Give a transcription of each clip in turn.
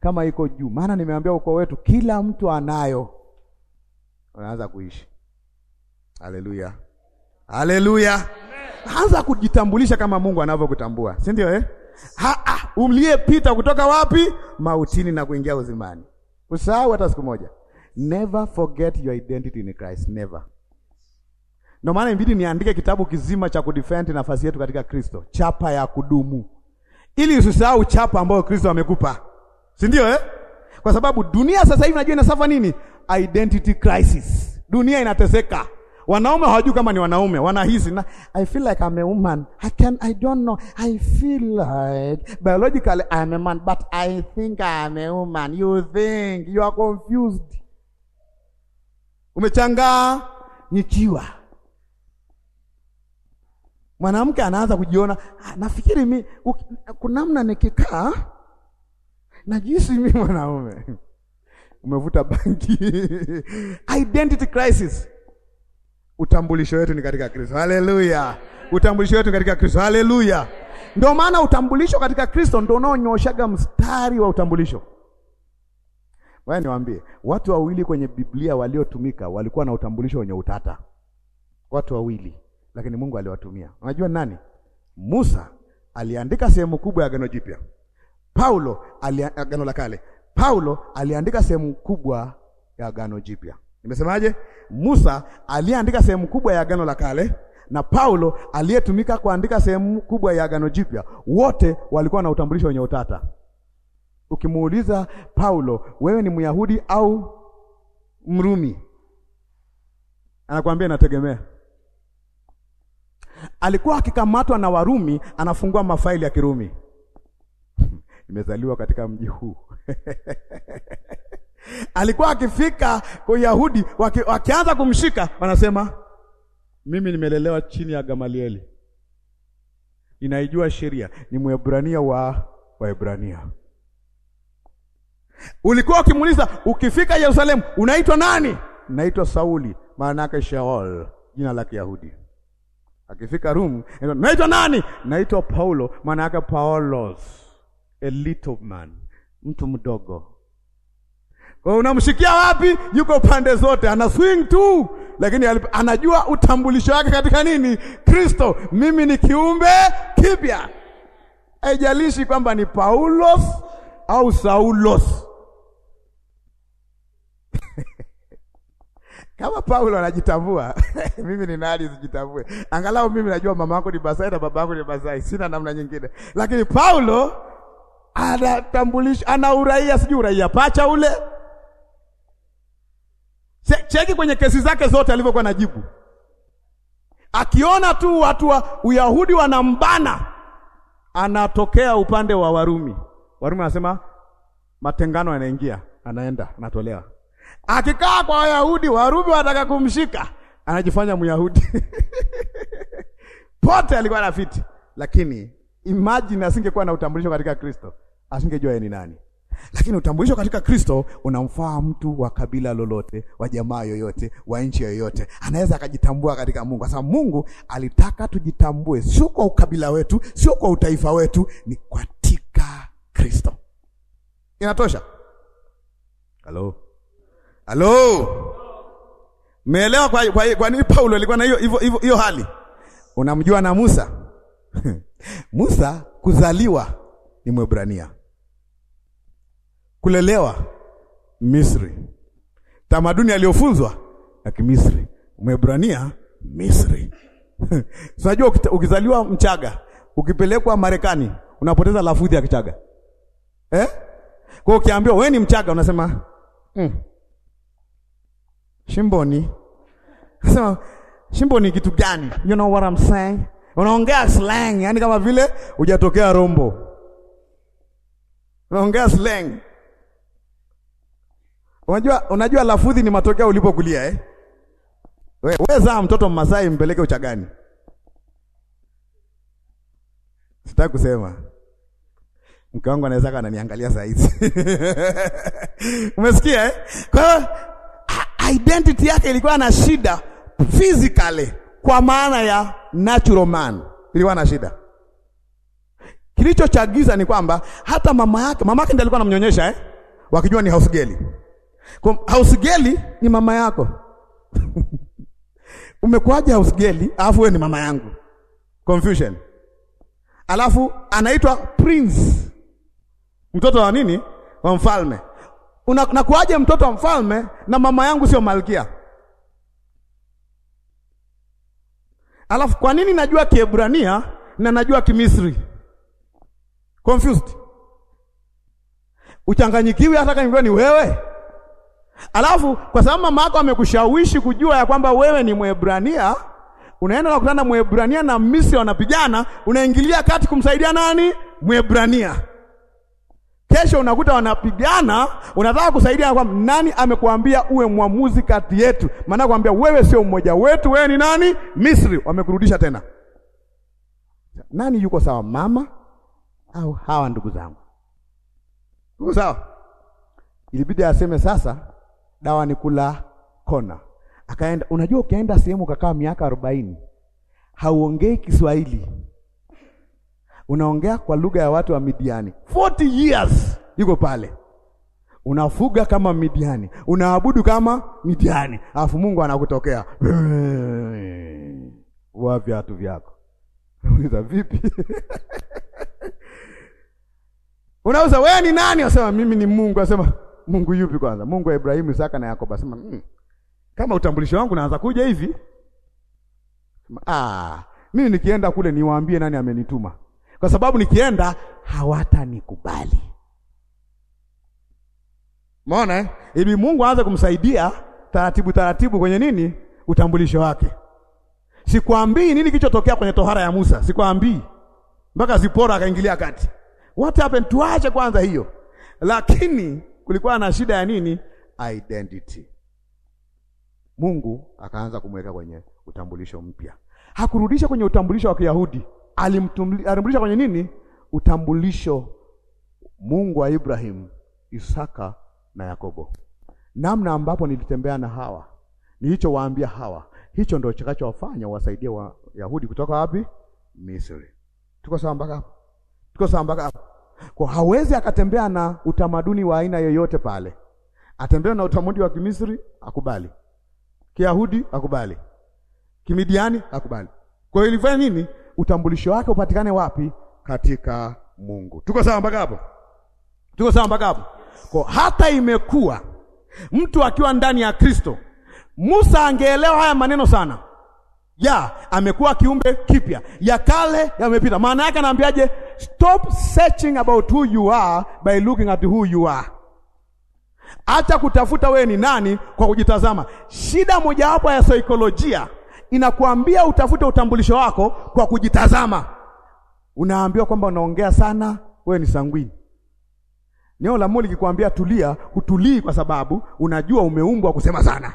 kama iko juu, maana nimeambia ukoo wetu kila mtu anayo. anaanza kuishi. Haleluya, haleluya! Anza kujitambulisha kama Mungu anavyokutambua, si ndio eh? Uliyepita kutoka wapi? Mautini na kuingia uzimani. Usahau hata siku moja. Never forget your identity in Christ, never. Ndio maana inabidi niandike kitabu kizima cha kudefend nafasi yetu katika Kristo, chapa ya kudumu, ili usisahau chapa ambayo Kristo amekupa si ndio eh? Kwa sababu dunia sasa hivi najua inasafa nini, identity crisis. Dunia inateseka, wanaume hawajui kama ni wanaume, wanahisi na I feel like I'm a woman. I can I don't know I feel like biologically I'm a man but I think I'm a woman. You think you are confused, nyikiwa Mwanamke anaanza kujiona, ah, nafikiri mi namna nikikaa najisi mimi mwanaume umevuta bangi identity crisis. Utambulisho wetu ni katika Kristo, haleluya! Utambulisho wetu ni katika Kristo, haleluya! Ndio maana utambulisho katika Kristo ndio unaonyoshaga mstari wa utambulisho. Wewe niwaambie, watu wawili kwenye Biblia waliotumika walikuwa na utambulisho wenye utata, watu wawili, lakini Mungu aliwatumia. Unajua nani? Musa aliandika sehemu kubwa ya Agano Jipya. Paulo agano la kale, Paulo aliandika sehemu kubwa ya agano jipya. Nimesemaje? Musa aliyeandika sehemu kubwa ya agano la kale na Paulo aliyetumika kuandika sehemu kubwa ya agano jipya, wote walikuwa na utambulisho wenye utata. Ukimuuliza Paulo, wewe ni Myahudi au Mrumi? Anakuambia inategemea. Alikuwa akikamatwa na Warumi, anafungua mafaili ya Kirumi nimezaliwa katika mji huu alikuwa akifika kwa Yahudi waki, wakianza kumshika wanasema, mimi nimelelewa chini ya Gamalieli, inaijua sheria, ni Mwebrania wa Waebrania. Ulikuwa ukimuuliza ukifika Yerusalemu, unaitwa nani? Naitwa Sauli, maana yake Shaul, jina la Kiyahudi. Akifika Rumi, naitwa nani? Naitwa Paulo, maana yake Paulos a little man, mtu mdogo. Kwa unamshikia wapi? Yuko pande zote, ana swing tu, lakini anajua utambulisho wake katika nini? Kristo. Mimi ni kiumbe kipya, haijalishi kwamba ni Paulos au Saulos. Kama Paulo anajitambua mimi ni nani sijitambue? Angalau mimi najua mama yangu ni Basai na baba yangu ni Basai, sina namna nyingine. Lakini Paulo anatambulisha, ana uraia, sijui uraia pacha ule. Cheki kwenye kesi zake zote alivyokuwa najibu, akiona tu watu wa Uyahudi wanambana, anatokea upande wa Warumi. Warumi anasema matengano, anaingia, anaenda, anatolewa. Akikaa kwa Wayahudi, Warumi wanataka kumshika, anajifanya Myahudi pote alikuwa na fiti, lakini imagine asingekuwa na utambulisho katika Kristo asingejua yeye ni nani. Lakini utambulisho katika Kristo unamfaa mtu wa kabila lolote, wa jamaa yoyote, wa nchi yoyote, anaweza akajitambua katika Mungu, kwa sababu Mungu alitaka tujitambue, sio kwa ukabila wetu, sio kwa utaifa wetu, ni katika Kristo. Inatosha. Halo, halo, meelewa? Kwa, kwa, kwa nini Paulo alikuwa na hiyo hiyo hiyo hali? Unamjua na Musa Musa kuzaliwa ni Mwebrania Kulelewa Misri, tamaduni aliyofunzwa ya Kimisri, Mwebrania Misri. Unajua ukizaliwa Mchaga ukipelekwa Marekani unapoteza lafudhi ya Kichaga eh? Kwa ukiambiwa wewe ni Mchaga unasema mm. Shimboni so, shimboni kitu gani? You know what I'm saying? Unaongea slang, yani kama vile hujatokea Rombo, unaongea slang Unajua, unajua lafudhi ni matokeo ulipokulia eh? We, we zaa mtoto Mmasai mpeleke uchagani. Sitaki kusema mke wangu anaweza niangalia saa hizi umesikia eh? Kwa hiyo identity yake ilikuwa na shida physically, kwa maana ya natural man ilikuwa na shida. Kilichochagiza ni kwamba hata mama yake mama yake ndiye alikuwa anamnyonyesha eh? wakijua ni house girl girl ni mama yako umekuaje hausgeli alafu wewe ni mama yangu? Confusion. Alafu anaitwa prince, mtoto wa nini? Wa mfalme. Unakuaje mtoto wa mfalme na mama yangu sio malkia? Alafu kwa nini najua Kiebrania na najua Kimisri? Confused. Uchanganyikiwi hata kama ni wewe Alafu kwa sababu mama yako amekushawishi kujua ya kwamba wewe ni Mwebrania, unaenda kukutana Mwebrania na Misri wanapigana, unaingilia kati kumsaidia nani? Mwebrania. Kesho unakuta wanapigana, unataka kusaidia kwa nani amekuambia uwe mwamuzi kati yetu? Maana kuambia wewe sio mmoja wetu, wewe ni nani? Misri. Wamekurudisha tena. Nani yuko sawa, mama au hawa ndugu zangu? Yuko sawa? Ilibidi aseme sasa dawa ni kula kona. Akaenda, unajua ukienda sehemu ukakaa miaka arobaini hauongei Kiswahili, unaongea kwa lugha ya watu wa Midiani. 40 years yuko pale, unafuga kama Midiani, unaabudu kama Midiani, alafu Mungu anakutokea wa viatu vyako uliza vipi? Unauza wewe ni nani? Asema mimi ni Mungu. Asema Mungu yupi kwanza? Mungu wa Ibrahimu, Isaka na Yakobo. Sema mm, kama utambulisho wangu naanza kuja hivi, ah, mimi nikienda kule niwaambie nani amenituma, kwa sababu nikienda hawatanikubali. Umeona eh? Ili Mungu aanze kumsaidia taratibu taratibu kwenye nini utambulisho wake. Sikwambii nini kilichotokea kwenye tohara ya Musa, sikwambii mpaka Zipora akaingilia kati. What happened? Tuache kwanza hiyo, lakini kulikuwa na shida ya nini? Identity. Mungu akaanza kumweka kwenye utambulisho mpya. Hakurudisha kwenye utambulisho wa Kiyahudi, alimrudisha kwenye nini? Utambulisho Mungu wa Ibrahim, Isaka na Yakobo, namna ambapo nilitembea na hawa, nilichowaambia hawa, hicho ndio chakachowafanya wasaidie Wayahudi kutoka wapi? Misri. Tuko sawa mpaka hapo? Tuko sawa mpaka hapo? Kwa hawezi akatembea na utamaduni wa aina yoyote pale. Atembea na utamaduni wa Kimisri, akubali. Kiyahudi, akubali. Kimidiani, akubali. Kwa hiyo ilifanya nini? Utambulisho wake upatikane wapi? Katika Mungu. Tuko sawa mpaka hapo? Tuko sawa mpaka hapo? Kwa hata imekuwa mtu akiwa ndani ya Kristo, Musa angeelewa haya maneno sana ya amekuwa kiumbe kipya, ya kale yamepita. Maana yake anaambiaje? Stop searching about who you are by looking at who you are. Acha kutafuta wewe ni nani kwa kujitazama. Shida mojawapo ya saikolojia inakuambia utafute utambulisho wako kwa kujitazama. Unaambiwa kwamba unaongea sana, wewe ni sangwini. Neno la Mungu likikwambia tulia, hutulii kwa sababu unajua umeumbwa kusema sana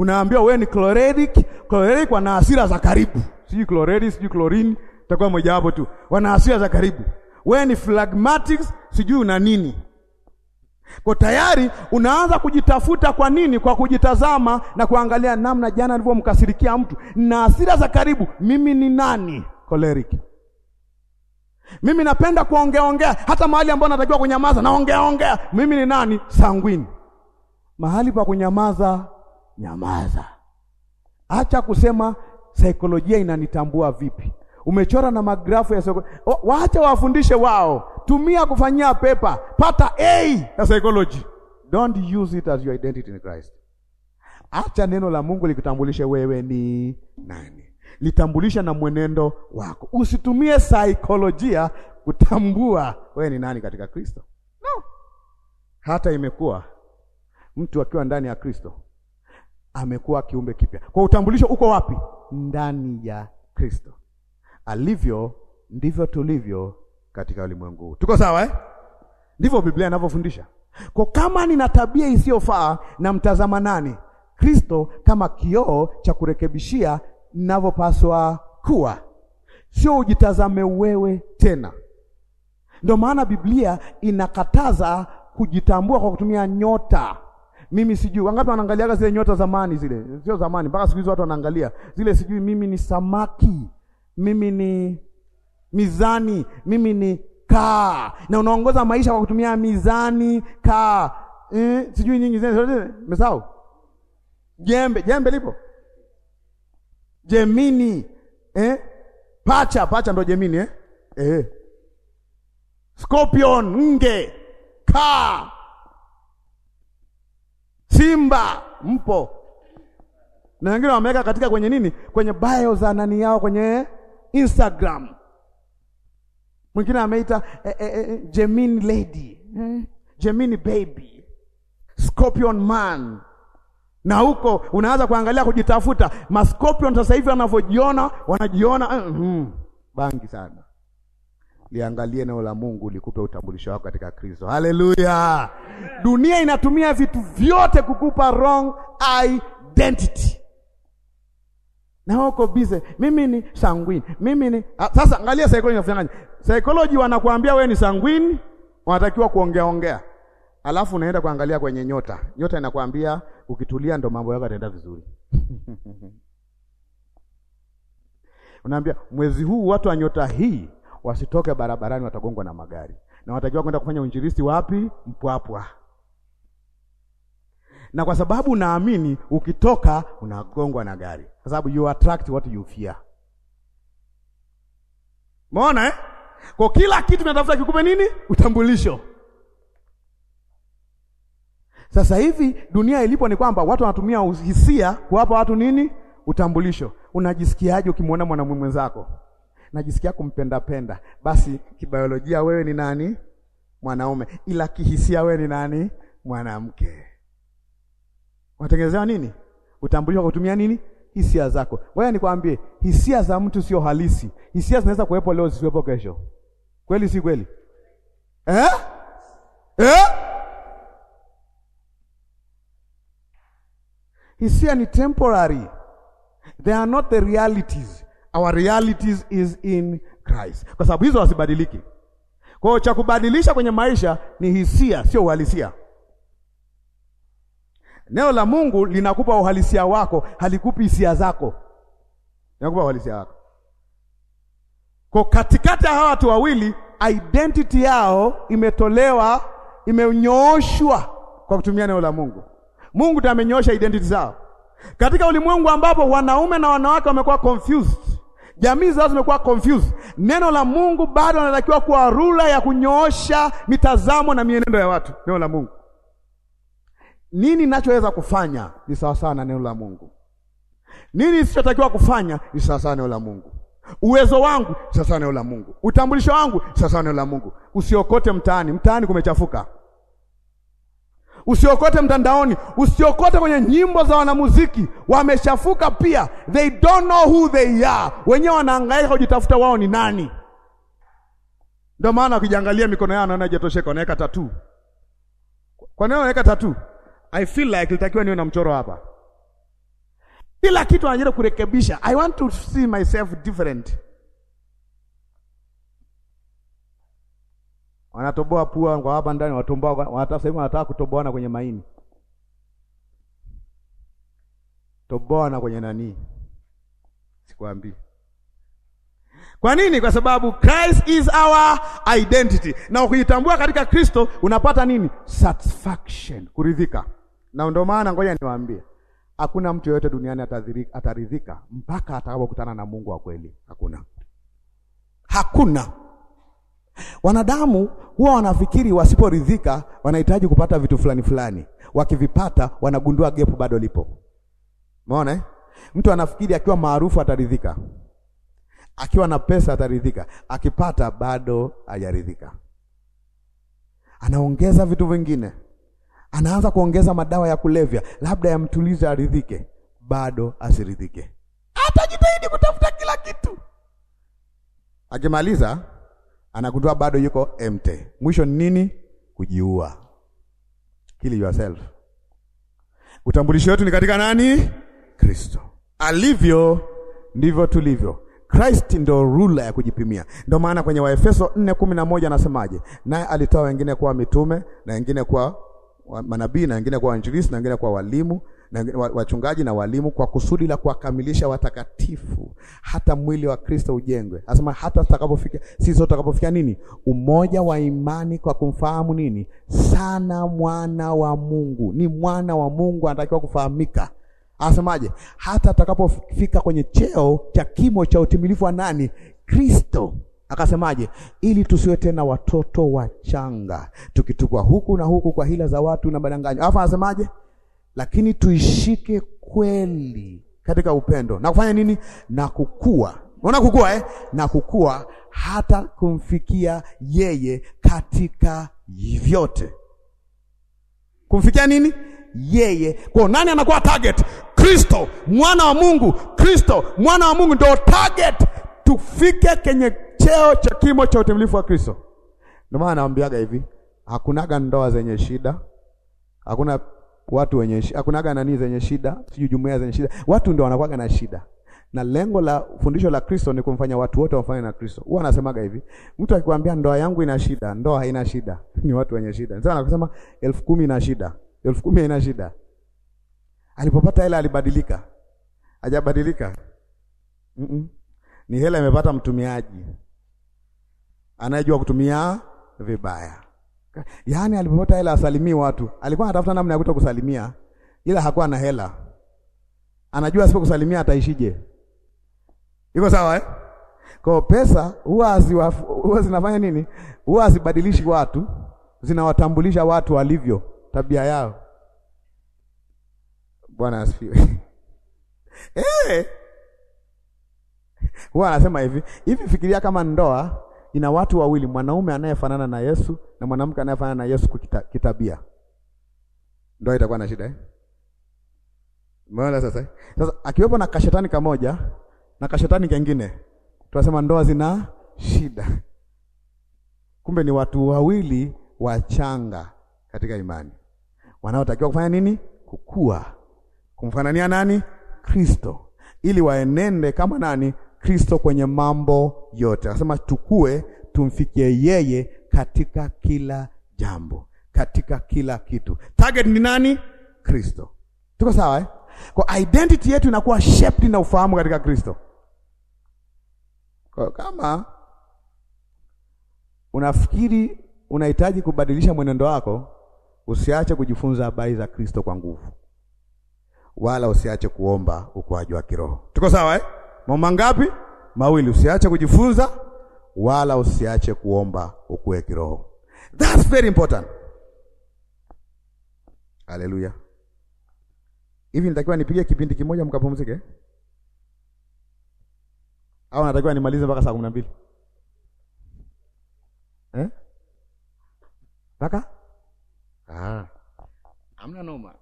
unaambiwa wewe ni chloretic. Chloretic wana hasira za karibu, sijui chloretic, sijui chlorine, itakuwa moja hapo tu, wana hasira za karibu. Wewe ni phlegmatic, sijui una nini. Kwa tayari unaanza kujitafuta. Kwa nini? Kwa kujitazama na kuangalia namna jana alivyomkasirikia mtu na hasira za karibu. Mimi ni nani? Choleric. Mimi napenda ongea, hata mahali ambapo natakiwa kunyamaza naongeaongea. Mimi ni nani? Sanguini. Mahali pa kunyamaza nyamaza, acha kusema saikolojia inanitambua vipi. Umechora na magrafu ya saikolojia, waacha wafundishe wao, tumia kufanyia pepa, pata A ya psychology. Don't use it as your identity in Christ. Acha neno la Mungu likutambulishe wewe ni nani, litambulisha na mwenendo wako. Usitumie saikolojia kutambua wewe ni nani katika Kristo. No, hata imekuwa mtu akiwa ndani ya Kristo amekuwa kiumbe kipya. Kwa utambulisho uko wapi? Ndani ya Kristo. Alivyo ndivyo tulivyo katika ulimwengu huu. Tuko sawa eh? Ndivyo Biblia inavyofundisha. Kwa kama nina tabia isiyofaa, namtazama nani? Kristo kama kioo cha kurekebishia ninavyopaswa kuwa, sio ujitazame wewe tena. Ndio maana Biblia inakataza kujitambua kwa kutumia nyota mimi sijui. Wangapi wanaangaliaga zile nyota zamani, zile sio zamani, mpaka siku hizi watu wanaangalia zile sijui, mimi ni samaki, mimi ni mizani, mimi ni kaa, na unaongoza maisha kwa kutumia mizani, kaa, eh, sijui nyingi zile mesahau. Jembe, jembe lipo Jemini, eh? Pacha, pacha ndo Jemini eh? Eh. Scorpion, nge, kaa simba mpo, na wengine wameweka katika kwenye nini, kwenye bio za nani yao kwenye Instagram. Mwingine ameita eh, eh, eh Gemini lady eh, Gemini baby, Scorpion man na huko unaanza kuangalia kujitafuta. Maskopion sasa hivi wanavyojiona, wanajiona mm bangi sana liangalie neno la Mungu likupe utambulisho wako katika Kristo. Haleluya! Dunia inatumia vitu vyote kukupa wrong identity, na huko bize, mimi ni sanguini, mimi ni ah, sasa. Angalia psychology inafanyaje. psychology, wanakuambia wewe ni sanguini, wanatakiwa kuongea ongea, alafu unaenda kuangalia kwenye nyota. Nyota inakwambia ukitulia, ndo mambo yako yataenda vizuri unaambia mwezi huu watu wa nyota hii wasitoke barabarani, watagongwa na magari, na watakiwa kwenda kufanya uinjilisti wapi? Mpwapwa. Na kwa sababu naamini ukitoka unagongwa na gari, kwa sababu you attract what you fear. Umeona eh? Kwa kila kitu tunatafuta kikupe nini? Utambulisho. Sasa hivi dunia ilipo ni kwamba watu wanatumia hisia kuwapa watu nini? Utambulisho. Unajisikiaje ukimwona mwanamume mwenzako? najisikia kumpenda penda, basi kibiolojia wewe ni nani? Mwanaume, ila kihisia wewe ni nani? Mwanamke. unatengenezewa nini? Utambulisho kwa kutumia nini? Hisia zako. Wewe nikwambie, hisia za mtu sio halisi. Hisia zinaweza kuwepo leo, zisiwepo kesho. Kweli si kweli? Eh? Eh? Hisia ni temporary. They are not the realities our realities is in Christ, kwa sababu hizo hazibadiliki. Kwa hiyo cha kubadilisha kwenye maisha ni hisia, sio uhalisia. Neno la Mungu linakupa uhalisia wako, halikupi hisia zako, linakupa uhalisia wako. Kwa katikati ya hawa watu wawili, identity yao imetolewa, imenyooshwa kwa kutumia neno la Mungu. Mungu ndiye amenyoosha identity zao katika ulimwengu ambapo wanaume na wanawake wamekuwa confused Jamii zao zimekuwa confused. Neno la Mungu bado anatakiwa kuwa rula ya kunyoosha mitazamo na mienendo ya watu. Neno la Mungu, nini nachoweza kufanya ni sawasawa na neno la Mungu, nini sichotakiwa kufanya ni sawasawa na neno la Mungu, uwezo wangu sawasawa na neno la Mungu, utambulisho wangu sawasawa na neno la Mungu. Usiokote mtaani, mtaani kumechafuka usiokote mtandaoni, usiokote kwenye nyimbo za wanamuziki. Wameshafuka pia, they don't know who they are. Wenyewe wanaangaika kujitafuta wao ni nani. Ndio maana ukijiangalia mikono yao naona kwa wanaweka tatu. Kwa nini wanaweka tatu? I feel like litakiwa niwe na mchoro hapa. Kila kitu anajaribu kurekebisha. I want to see myself different. wanatoboa pua kwa hapa ndani, watomboa wanatasema, wanataka kutoboana kwenye maini, toboana kwenye nani? Sikwambii. Kwa nini? Kwa sababu Christ is our identity, na ukijitambua katika Kristo unapata nini? Satisfaction, kuridhika. Na ndio maana ngoja niwaambie, hakuna mtu yoyote duniani ataridhika mpaka atakapokutana na Mungu wa kweli. Hakuna, hakuna. Wanadamu huwa wanafikiri wasiporidhika wanahitaji kupata vitu fulani fulani, wakivipata wanagundua gepu bado lipo. Umeona eh? Mtu anafikiri akiwa maarufu ataridhika, akiwa na pesa ataridhika, akipata bado hajaridhika. Anaongeza vitu vingine, anaanza kuongeza madawa ya kulevya, labda yamtulize aridhike, bado asiridhike. Atajitahidi kutafuta kila kitu, akimaliza anagundua bado yuko empty. Mwisho ni nini? Kujiua. Kill yourself. Utambulisho wetu ni katika nani? Kristo. Alivyo ndivyo tulivyo. Christ ndo rula ya kujipimia. Ndio maana kwenye Waefeso 4:11 anasemaje? Naye alitoa wengine kuwa mitume na wengine kuwa manabii na wengine kuwa wainjilisti na wengine kuwa walimu wachungaji na walimu kwa kusudi la kuwakamilisha watakatifu, hata mwili wa Kristo ujengwe. Anasema hata tutakapofika sisi tutakapofikia nini? Umoja wa imani kwa kumfahamu nini? Sana mwana wa Mungu. Ni mwana wa Mungu anatakiwa kufahamika. Anasemaje? Hata tutakapofika kwenye cheo cha kimo cha utimilifu wa nani? Kristo. Akasemaje? Ili tusiwe tena watoto wachanga tukitupwa huku na huku kwa hila za watu na madanganyo. Alafu anasemaje? lakini tuishike kweli katika upendo na kufanya nini? Na kukua. Unaona kukua eh? Na kukua hata kumfikia yeye katika vyote. Kumfikia nini? Yeye. Kwa nani anakuwa target? Kristo, mwana wa Mungu. Kristo, mwana wa Mungu ndio target, tufike kwenye cheo cha kimo cha utimilifu wa Kristo. Ndio maana naambiaga hivi, hakunaga ndoa zenye shida, hakuna watu wenye hakunaga nani zenye shida, sijui jumuiya zenye shida, watu ndio wanakuwaga na shida, na lengo la fundisho la Kristo ni kumfanya watu wote wafanye na Kristo. Huwa anasemaga hivi, mtu akikwambia ndoa yangu ina shida, ndoa haina shida, ni watu wenye shida. Sasa anakusema elfu kumi ina shida, elfu kumi haina shida. Alipopata hela alibadilika, hajabadilika. mm -mm. Ni hela imepata mtumiaji anayejua kutumia vibaya. Yaani alipopata hela asalimii watu. Alikuwa anatafuta namna ya kusalimia ila hakuwa na hela. Anajua sipo kusalimia ataishije. Iko sawa eh? Kwa pesa huwa huwa zinafanya nini? Huwa zibadilishi watu, zinawatambulisha watu walivyo, tabia yao. Bwana asifiwe. Eh. Huwa anasema hivi, hivi fikiria kama ndoa ina watu wawili, mwanaume anayefanana na Yesu na mwanamke anayefanana na Yesu kitabia, ndio itakuwa na shida eh? Mwana sasa eh? sasa akiwepo na kashetani kamoja na kashetani kengine, tunasema ndoa zina shida. Kumbe ni watu wawili wachanga katika imani wanaotakiwa kufanya nini? Kukua, kumfanania nani? Kristo, ili waenende kama nani? Kristo kwenye mambo yote. Anasema tukue tumfikie yeye katika kila jambo, katika kila kitu. Target ni nani? Kristo. Tuko sawa eh? Kwa identity yetu inakuwa shaped na ufahamu katika Kristo. Kwa kama unafikiri unahitaji kubadilisha mwenendo wako, usiache kujifunza habari za Kristo kwa nguvu, wala usiache kuomba ukuaji wa kiroho. Tuko sawa eh? Mambo mangapi? Mawili. Usiache kujifunza wala usiache kuomba ukue kiroho. That's very important. Haleluya. Hivi nitakiwa nipige kipindi kimoja mkapumzike Au natakiwa nimalize mpaka saa kumi na mbili mpaka eh? Ah. Amna noma.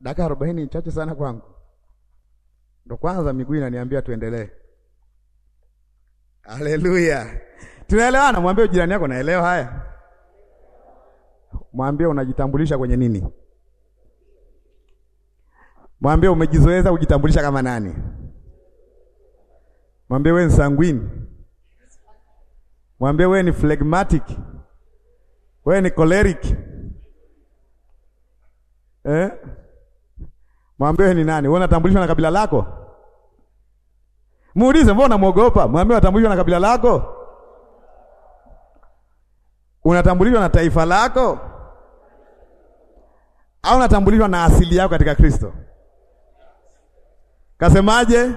Dakika arobaini chache sana kwangu. Ndo kwanza miguu inaniambia tuendelee. Haleluya, tunaelewana? Mwambie jirani yako naelewa haya, mwambie unajitambulisha kwenye nini, mwambie umejizoeza kujitambulisha kama nani, mwambie we ni sanguini, mwambie we ni phlegmatic, we ni choleric eh? Mwambie we ni nani, Wewe unatambulishwa na kabila lako Muulize, mbona unamwogopa? Mwambie unatambulishwa na kabila lako, unatambulishwa na taifa lako, au unatambulishwa na asili yako katika Kristo. Kasemaje?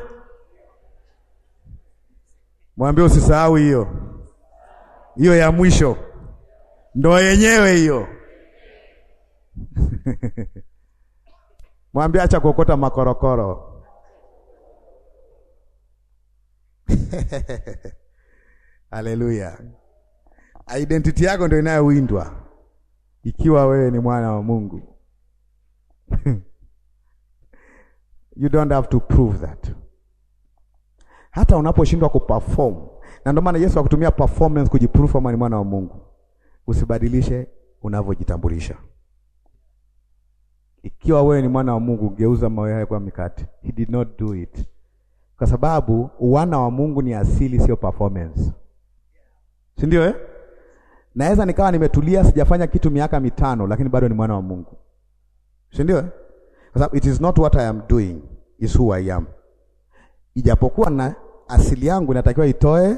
Mwambie usisahau hiyo hiyo ya mwisho, ndo yenyewe hiyo mwambie acha kuokota makorokoro. Haleluya! identity yako ndio inayowindwa ikiwa wewe ni mwana wa Mungu. You don't have to prove that, hata unaposhindwa kuperform. Na ndio maana Yesu akutumia performance kujiprove kama ni mwana wa Mungu. Usibadilishe unavyojitambulisha. Ikiwa wewe ni mwana wa Mungu, geuza mawe haya kwa mikate. He did not do it kwa sababu uwana wa Mungu ni asili, sio performance, si ndio eh? Naweza nikawa nimetulia sijafanya kitu miaka mitano, lakini bado ni mwana wa Mungu, si ndio eh? Kwa sababu it is not what I am doing is who I am, ijapokuwa na asili yangu inatakiwa itoe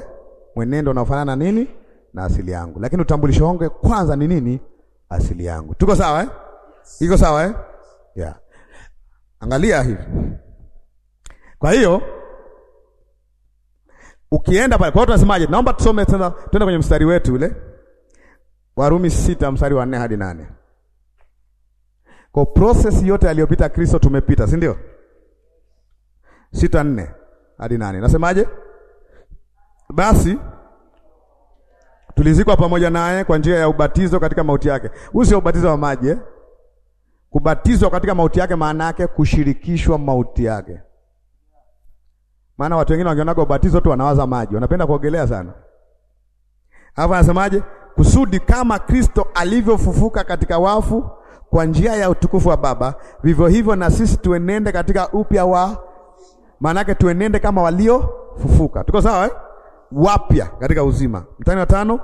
mwenendo unaofanana na nini na asili yangu, lakini utambulisho wangu kwanza ni nini? Asili yangu. Tuko sawa eh? Iko sawa eh? Yeah. Angalia hivi. Kwa hiyo ukienda pale. Kwa hiyo tunasemaje? Naomba tusome tena, twende kwenye mstari wetu ule Warumi sita mstari wa nne hadi nane. Kwa process yote aliyopita Kristo tumepita, si ndio? sita nne hadi nane nasemaje? Basi tulizikwa pamoja naye kwa njia ya ubatizo katika mauti yake. Huu sio ubatizo wa maji eh? Kubatizwa katika mauti yake maana yake kushirikishwa mauti yake. Maana watu wengine wakionaga ubatizo tu wanawaza maji, wanapenda kuogelea sana. Halafu anasemaje? Kusudi kama Kristo alivyofufuka katika wafu kwa njia ya utukufu wa Baba, vivyo hivyo na sisi tuenende katika upya wa, maanake tuenende kama waliofufuka. Tuko sawa eh? Wapya katika uzima. Mtani wa tano,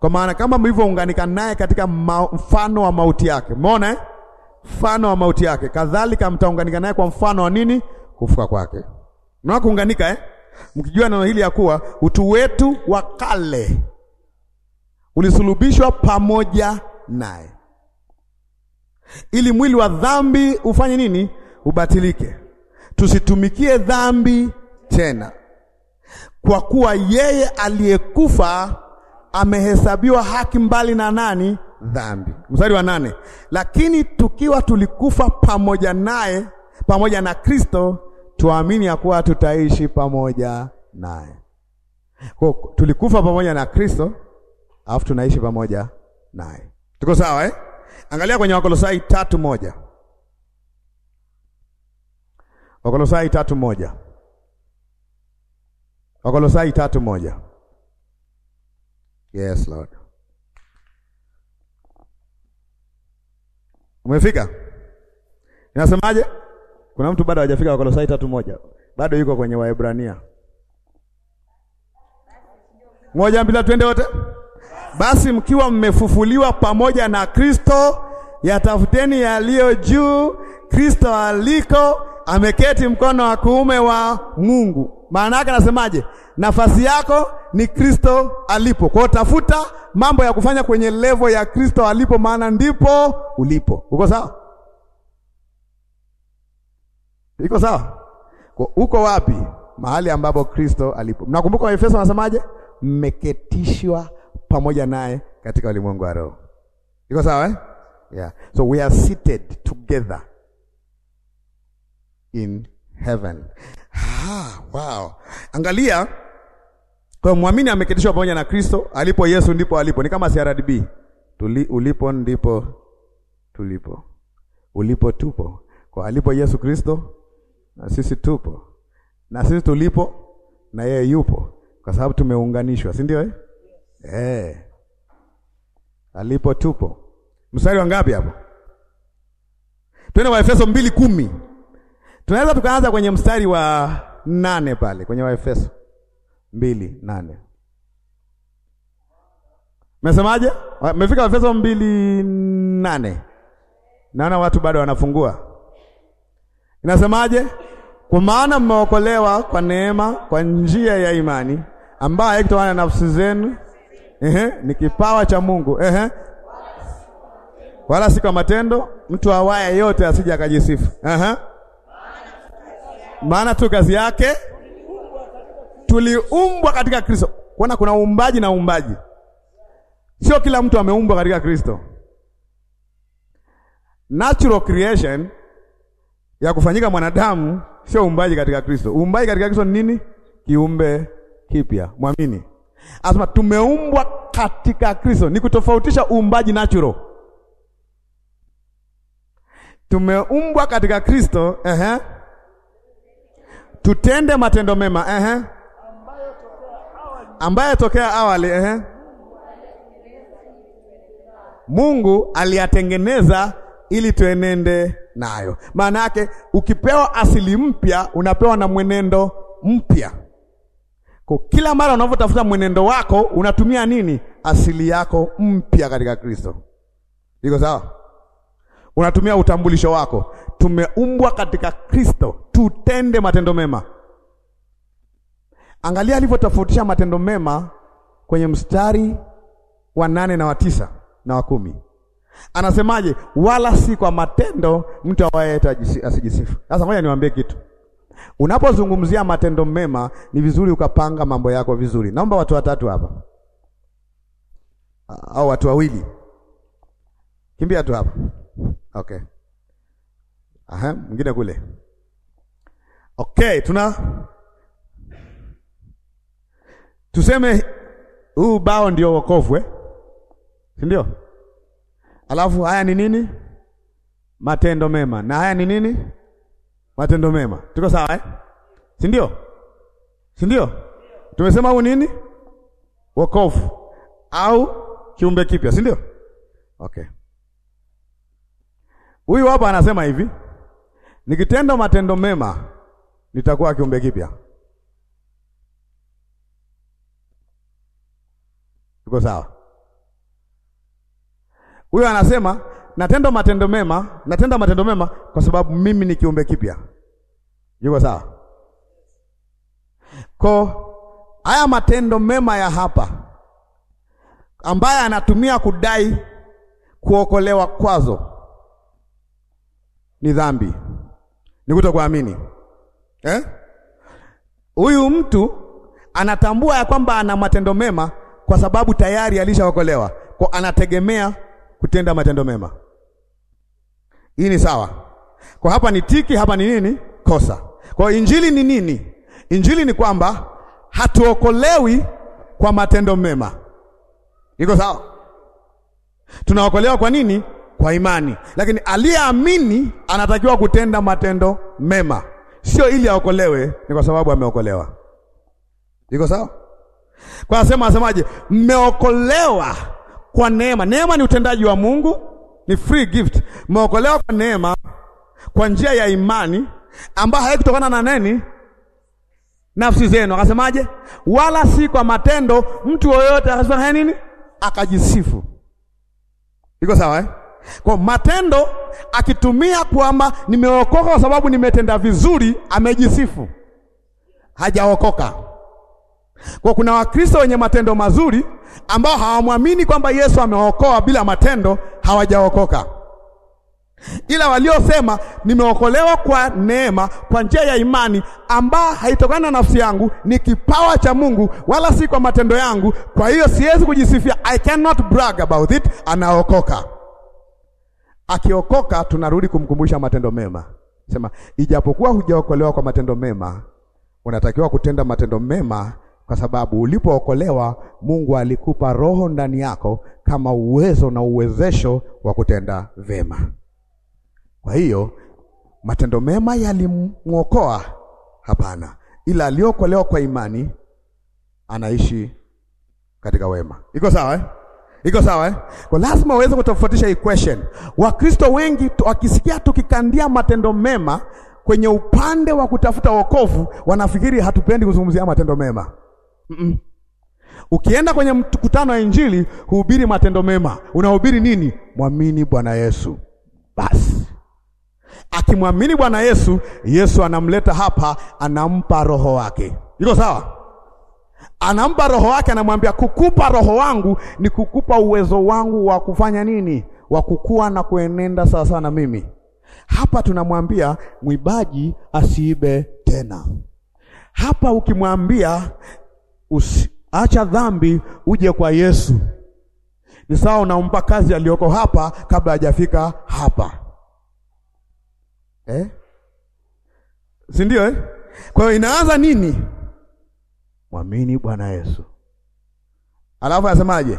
kwa maana kama mlivyounganika naye katika mfano wa mauti yake. Umeona eh? Mfano wa mauti yake, kadhalika mtaunganika naye kwa mfano wa nini? Kufuka kwake. Mnaona kuunganika eh? Mkijua neno hili ya kuwa utu wetu wa kale ulisulubishwa pamoja naye ili mwili wa dhambi ufanye nini? Ubatilike, tusitumikie dhambi tena, kwa kuwa yeye aliyekufa amehesabiwa haki mbali na nani? Dhambi. Mstari wa nane, lakini tukiwa tulikufa pamoja naye, pamoja na Kristo tuamini ya kuwa tutaishi pamoja naye. Kwa tulikufa pamoja na Kristo, alafu tunaishi pamoja naye. Tuko sawa eh? Angalia kwenye Wakolosai tatu moja. Wakolosai tatu moja. Wakolosai tatu moja. Yes Lord. Umefika? Inasemaje? Kuna mtu bado hajafika Wakolosai tatu moja, bado yuko kwenye Waebrania moja mbili, twende wote. Basi mkiwa mmefufuliwa pamoja na Kristo, yatafuteni yaliyo juu, Kristo aliko ameketi mkono wa kuume wa Mungu. Maana yake anasemaje? Nafasi yako ni Kristo alipo. Kwa hiyo tafuta mambo ya kufanya kwenye levo ya Kristo alipo, maana ndipo ulipo. Uko sawa? Iko sawa? Kwa uko wapi? Mahali ambapo Kristo alipo. Mnakumbuka Waefeso wanasemaje? Mmeketishwa pamoja naye katika ulimwengu wa roho. Iko sawa eh? Yeah. So we are seated together in heaven. Ah, wow. Angalia kwa mwamini ameketishwa pamoja na Kristo, alipo Yesu ndipo alipo. Ni kama CRDB. Tuli, ulipo ndipo tulipo. Ulipo tupo. Kwa alipo Yesu Kristo na sisi tupo na sisi tulipo na yeye yupo, kwa sababu tumeunganishwa, si ndio eh? Eh, alipo tupo. Mstari wa ngapi hapo? Twende waefeso Efeso mbili kumi. Tunaweza tukaanza kwenye mstari wa nane pale kwenye Waefeso mbili nane. Mesemaje? Mefika Waefeso mbili nane. Naona watu bado wanafungua. Inasemaje? Kwa maana mmeokolewa kwa neema, kwa njia ya imani, ambayo haikutokana na nafsi zenu, ehe, ni kipawa cha Mungu, ehe, wala si kwa matendo, mtu awaye yote asije akajisifu. Ehe, maana tu kazi yake, tuliumbwa katika Kristo. Kuna kuna uumbaji na uumbaji, sio kila mtu ameumbwa katika Kristo. Natural creation ya kufanyika mwanadamu sio uumbaji katika Kristo. Uumbaji katika Kristo ni nini? Kiumbe kipya, mwamini. Asema tumeumbwa katika Kristo, ni kutofautisha uumbaji natural. Tumeumbwa katika Kristo, ehe, tutende matendo mema, ehe, ambayo tokea awali, ehe, Mungu aliyatengeneza ili tuenende nayo. Maana yake ukipewa asili mpya, unapewa na mwenendo mpya. Kwa kila mara unavyotafuta mwenendo wako, unatumia nini? Asili yako mpya katika Kristo. Iko sawa? Unatumia utambulisho wako, tumeumbwa katika Kristo tutende matendo mema. Angalia alivyotofautisha matendo mema kwenye mstari wa nane na wa tisa na wa kumi. Anasemaje? Wala si kwa matendo mtu awaye asijisifu. Sasa ngoja niwaambie kitu. Unapozungumzia matendo mema, ni vizuri ukapanga mambo yako vizuri. Naomba watu watatu hapa au watu wawili, kimbia tu hapa. Okay, aha, mwingine kule. Okay, tuna tuseme huu bao ndio wokovu eh, si ndio? Alafu haya ni nini? Matendo mema. Na haya ni nini? Matendo mema. Tuko sawa eh? Si ndio? Si ndio? Tumesema huu nini? Wokovu au kiumbe kipya, si ndio? Okay. Huyu hapa anasema hivi, nikitenda matendo mema nitakuwa kiumbe kipya. Tuko sawa? Huyo anasema natenda matendo mema, natenda matendo mema kwa sababu mimi ni kiumbe kipya. Yuko sawa? Ko haya matendo mema ya hapa ambaye anatumia kudai kuokolewa kwazo ni dhambi, ni kutokuamini eh? Huyu mtu anatambua ya kwamba ana matendo mema kwa sababu tayari alishaokolewa, kwa anategemea kutenda matendo mema. Hii ni sawa. Kwa hapa ni tiki, hapa ni nini? Kosa. Kwa injili ni nini? Injili ni kwamba hatuokolewi kwa matendo mema. Iko sawa? Tunaokolewa kwa nini? Kwa imani. Lakini aliyeamini anatakiwa kutenda matendo mema, sio ili aokolewe, ni kwa sababu ameokolewa. Iko sawa? Kwa sema asemaje? Mmeokolewa kwa neema. Neema ni utendaji wa Mungu, ni free gift. Mmeokolewa kwa neema kwa njia ya imani ambayo haikutokana na neni Nafsi zenu. Akasemaje? Wala si kwa matendo, mtu yoyote akasema nini? Akajisifu. Iko sawa eh? Kwa matendo akitumia kwamba nimeokoka kwa sababu nimetenda vizuri, amejisifu. Hajaokoka. Kwa kuna Wakristo wenye matendo mazuri ambao hawamwamini kwamba Yesu ameokoa bila matendo, hawajaokoka. Ila waliosema nimeokolewa kwa neema kwa njia ya imani ambayo haitokana na nafsi yangu, ni kipawa cha Mungu, wala si kwa matendo yangu, kwa hiyo siwezi kujisifia, I cannot brag about it, anaokoka. Akiokoka tunarudi kumkumbusha matendo mema, sema ijapokuwa hujaokolewa kwa matendo mema, unatakiwa kutenda matendo mema kwa sababu ulipookolewa Mungu alikupa roho ndani yako kama uwezo na uwezesho wa kutenda vema. Kwa hiyo matendo mema yalimwokoa? Hapana, ila aliokolewa kwa imani anaishi katika wema. Iko sawa eh? Iko sawa eh? Kwa lazima uweze kutofautisha hii question. Wakristo wengi wakisikia tukikandia matendo mema kwenye upande wa kutafuta wokovu, wanafikiri hatupendi kuzungumzia matendo mema mm -mm. Ukienda kwenye mkutano wa Injili huhubiri matendo mema, unahubiri nini? Mwamini Bwana Yesu. Basi akimwamini Bwana Yesu, Yesu anamleta hapa, anampa roho wake. Iko sawa? Anampa roho wake, anamwambia kukupa roho wangu ni kukupa uwezo wangu wa kufanya nini? Wa kukua na kuenenda sawasawa na mimi. Hapa tunamwambia mwibaji asiibe tena. Hapa ukimwambia usiacha dhambi uje kwa Yesu. Ni sawa unampa kazi aliyoko hapa kabla hajafika hapa eh? si ndio eh? Kwa hiyo inaanza nini? Mwamini Bwana Yesu, alafu anasemaje?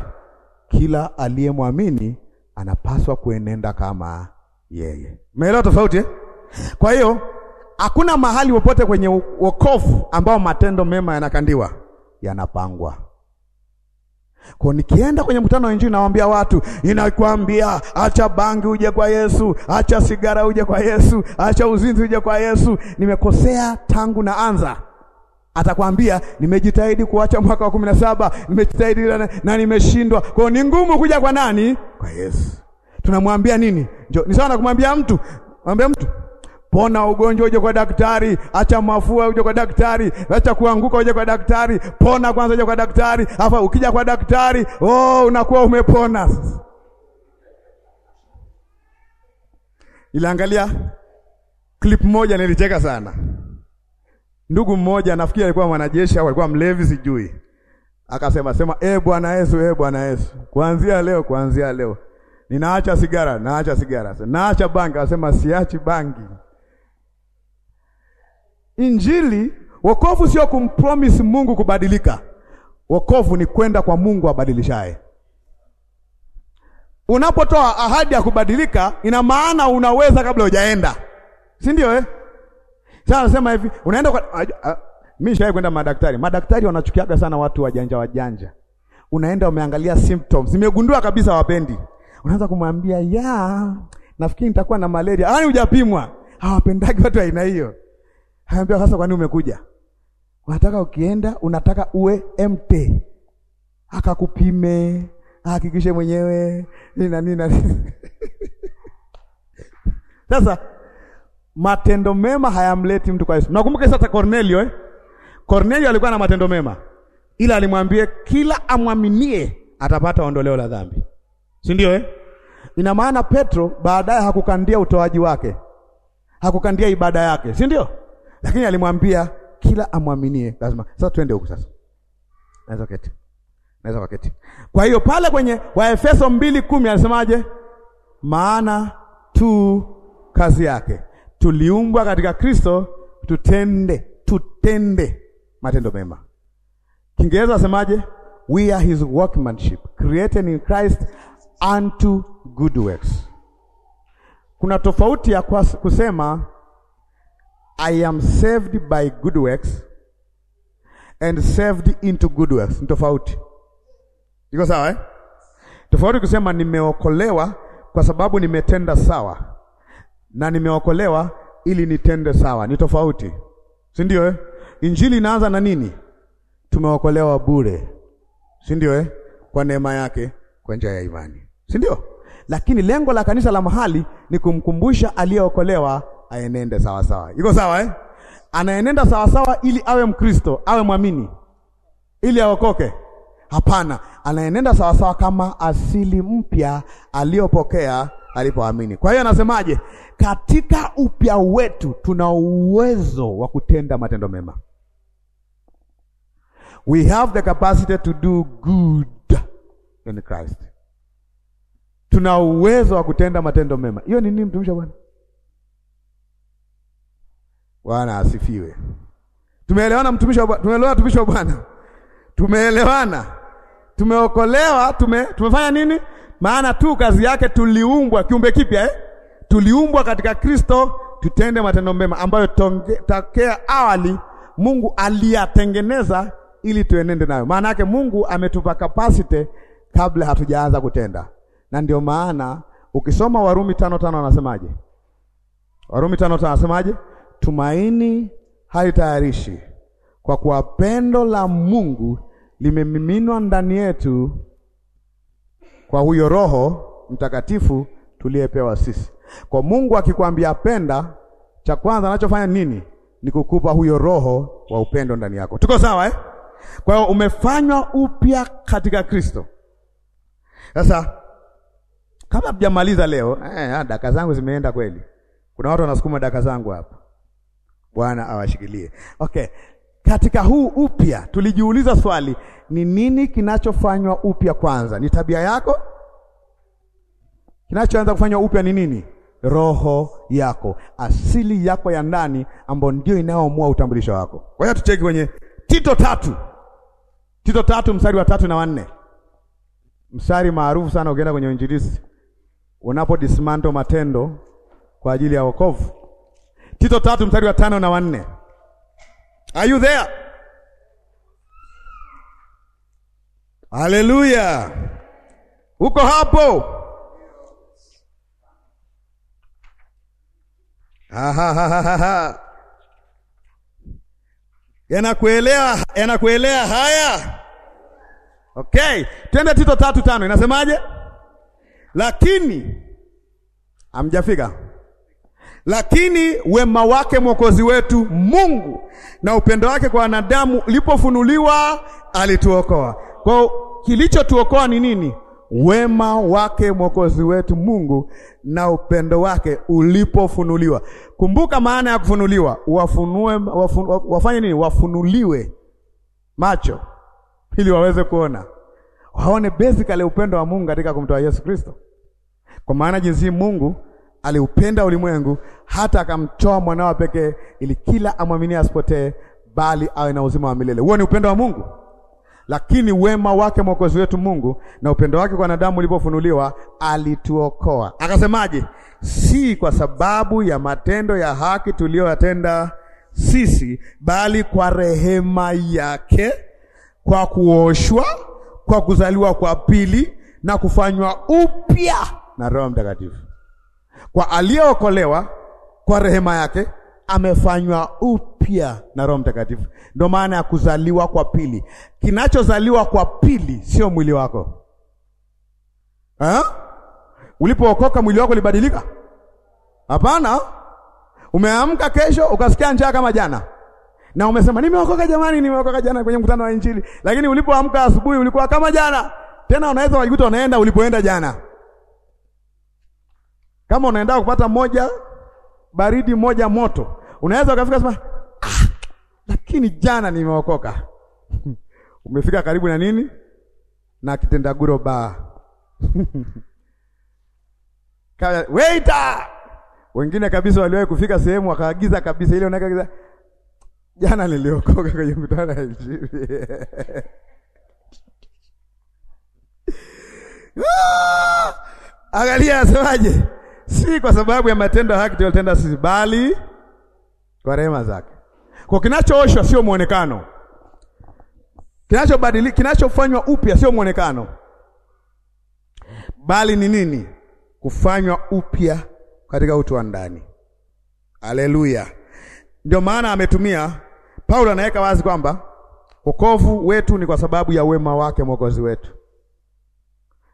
Kila aliyemwamini anapaswa kuenenda kama yeye. Umeelewa tofauti eh? Kwa hiyo hakuna mahali popote kwenye wokovu ambao matendo mema yanakandiwa yanapangwa. Kwa nikienda kwenye mkutano wa Injili nawaambia watu, inakwambia acha bangi uje kwa Yesu, acha sigara uje kwa Yesu, acha uzinzi uje kwa Yesu. Nimekosea tangu naanza. Atakwambia nimejitahidi kuacha mwaka wa kumi na saba, nimejitahidi na, na nimeshindwa. Kwa ni ngumu kuja kwa nani? Kwa Yesu. Tunamwambia nini? Njoo. Ni sawa na kumwambia mtu, mwambie mtu, Pona ugonjwa uje kwa daktari, acha mafua uje kwa daktari, acha kuanguka uje kwa daktari, pona kwanza uje kwa daktari. Afa ukija kwa daktari, oh, unakuwa umepona. Iliangalia clip moja nilicheka sana. Ndugu mmoja nafikiri alikuwa mwanajeshi au alikuwa mlevi sijui. Akasema sema, "Eh Bwana Yesu, eh Bwana Yesu. Kuanzia leo, kuanzia leo. Ninaacha sigara, naacha sigara. Naacha bangi." Akasema, "Siachi bangi." Injili, wokovu sio kumpromise Mungu kubadilika. Wokovu ni kwenda kwa Mungu abadilishaye. Unapotoa ahadi ya kubadilika, ina maana unaweza kabla hujaenda, si ndio? Eh, sasa nasema hivi, unaenda kwa uh, uh, mimi shawai kwenda madaktari. Madaktari wanachukiaga sana watu wajanja wajanja. Unaenda umeangalia symptoms, nimegundua kabisa wapendi. Unaanza kumwambia ya, nafikiri nitakuwa na malaria, yaani hujapimwa. Hawapendagi watu aina hiyo. Akaambia sasa, kwani umekuja? Unataka ukienda, unataka uwe mt, akakupime ahakikishe mwenyewe nini na nini na nini. Sasa matendo mema hayamleti mtu kwa Yesu. Nakumbuka sasa Cornelio, eh? Cornelio alikuwa na matendo mema, ila alimwambia kila amwaminie atapata ondoleo la dhambi, si ndio eh? Ina maana Petro baadaye hakukandia utoaji wake, hakukandia ibada yake, si ndio? lakini alimwambia kila amwaminie lazima. Sasa twende huku sasa, naweza keti, naweza waketi. Kwa hiyo pale kwenye Waefeso mbili kumi anasemaje? Maana tu kazi yake tuliumbwa katika Kristo tutende, tutende matendo mema. Kiingereza asemaje? We are his workmanship created in Christ unto good works. Kuna tofauti ya kusema I am saved by good works and saved into good works. Ni tofauti, iko sawa eh? Tofauti kusema nimeokolewa kwa sababu nimetenda sawa na nimeokolewa ili nitende sawa, ni tofauti, si ndio eh? Injili inaanza na nini? Tumeokolewa bure, si ndio eh? Kwa neema yake kwa njia ya imani, si ndio? Lakini lengo la kanisa la mahali ni kumkumbusha aliyeokolewa aenende sawasawa. Iko sawa eh? Anaenenda sawasawa ili awe Mkristo, awe mwamini, ili aokoke? Hapana, anaenenda sawasawa kama asili mpya aliyopokea alipoamini. Kwa hiyo anasemaje? Katika upya wetu tuna uwezo wa kutenda matendo mema. We have the capacity to do good in Christ. Tuna uwezo wa kutenda matendo mema. Hiyo ni nini, mtumishi wa Bwana? Bwana asifiwe. Tumeelewana mtumishi wa Bwana, tumeelewana mtumishi wa Bwana, tumeelewana, tumeokolewa, tume, tumefanya nini? Maana tu kazi yake tuliumbwa kiumbe kipya eh? Tuliumbwa katika Kristo tutende matendo mema ambayo tokea awali Mungu aliyatengeneza ili tuenende nayo. Maana yake Mungu ametupa capacity kabla hatujaanza kutenda, na ndio maana ukisoma Warumi tano tano anasemaje? Warumi tano tano anasemaje? Tumaini halitayarishi, kwa kuwa pendo la Mungu limemiminwa ndani yetu kwa huyo Roho Mtakatifu tuliyepewa sisi. Kwa Mungu akikwambia penda, cha kwanza anachofanya nini? Ni kukupa huyo roho wa upendo ndani yako. Tuko sawa eh? Kwa hiyo umefanywa upya katika Kristo. Sasa kama hatujamaliza leo eh, ah, daka zangu zimeenda kweli. Kuna watu wanasukuma daka zangu hapa. Bwana awashikilie. Okay. Katika huu upya tulijiuliza swali, ni nini kinachofanywa upya kwanza? Ni tabia yako? Kinachoanza kufanywa upya ni nini? Roho yako, asili yako ya ndani, ambayo ndio inayoamua utambulisho wako. Kwa hiyo tucheki kwenye Tito tatu, Tito tatu mstari wa tatu na wanne, mstari maarufu sana. Ukienda kwenye Injilisi, unapo dismantle matendo kwa ajili ya wokovu Tito tatu mstari wa tano na wanne. Are you there? Haleluya, uko hapo? Yanakuelea, yanakuelea haya. Okay, twende Tito tatu tano inasemaje? Lakini hamjafika lakini wema wake mwokozi wetu Mungu na upendo wake kwa wanadamu ulipofunuliwa alituokoa. Kwa hiyo kilichotuokoa ni nini? Wema wake mwokozi wetu Mungu na upendo wake ulipofunuliwa. Kumbuka maana ya kufunuliwa, wafunue, wafun, wafanye nini? Wafunuliwe macho ili waweze kuona, waone basically upendo wa Mungu katika kumtoa Yesu Kristo, kwa maana jinsi Mungu aliupenda ulimwengu hata akamtoa mwanao pekee, ili kila amwaminie asipotee, bali awe na uzima wa milele. Huo ni upendo wa Mungu, lakini wema wake mwokozi wetu Mungu na upendo wake kwa wanadamu ulipofunuliwa, alituokoa. Akasemaje? Si kwa sababu ya matendo ya haki tuliyoyatenda sisi, bali kwa rehema yake, kwa kuoshwa kwa kuzaliwa kwa pili na kufanywa upya na Roho Mtakatifu. Kwa aliyeokolewa kwa rehema yake amefanywa upya na Roho Mtakatifu. Ndio maana ya kuzaliwa kwa pili. Kinachozaliwa kwa pili sio mwili wako ha? Ulipookoka mwili wako ulibadilika? Hapana. Umeamka kesho ukasikia njaa kama jana, na umesema nimeokoka, jamani, nimeokoka jana kwenye mkutano wa Injili, lakini ulipoamka asubuhi ulikuwa kama jana tena. Unaweza kujikuta unaenda ulipoenda jana. Kama unaenda kupata moja baridi moja moto, unaweza ukafika sema ah, lakini jana nimeokoka. Umefika karibu na nini na kitendaguro ba Kaya, waiter wengine kabisa waliwahi kufika sehemu wakaagiza kabisa ile unakaagiza jana niliokoka kwenye mkutano ya injili. Ah, angalia, asemaje? si kwa sababu ya matendo haki tuliyotenda sisi, bali kwa rehema zake. Kwa kinachooshwa sio muonekano, kinachobadili kinachofanywa upya sio muonekano, bali ni nini? Kufanywa upya katika utu wa ndani. Haleluya! Ndio maana ametumia Paulo, anaweka wazi kwamba wokovu wetu ni kwa sababu ya wema wake mwokozi wetu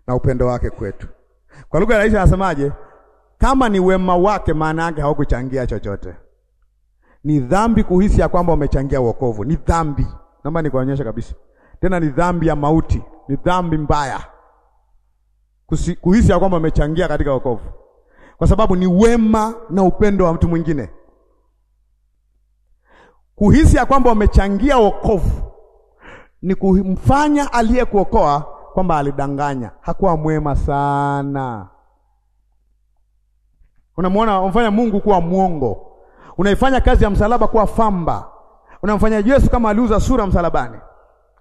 na upendo wake kwetu. Kwa lugha rahisi anasemaje? Kama ni wema wake, maana yake haukuchangia chochote. Ni dhambi kuhisi ya kwamba umechangia wokovu, ni dhambi. Naomba nikuonyeshe kabisa tena, ni dhambi ya mauti, ni dhambi mbaya kuhisi ya kwamba umechangia katika wokovu, kwa sababu ni wema na upendo wa mtu mwingine. Kuhisi ya kwamba umechangia wokovu ni kumfanya aliyekuokoa kwamba alidanganya, hakuwa mwema sana. Unamwona, unamfanya Mungu kuwa mwongo, unaifanya kazi ya msalaba kuwa famba, unamfanya Yesu kama aliuza sura msalabani,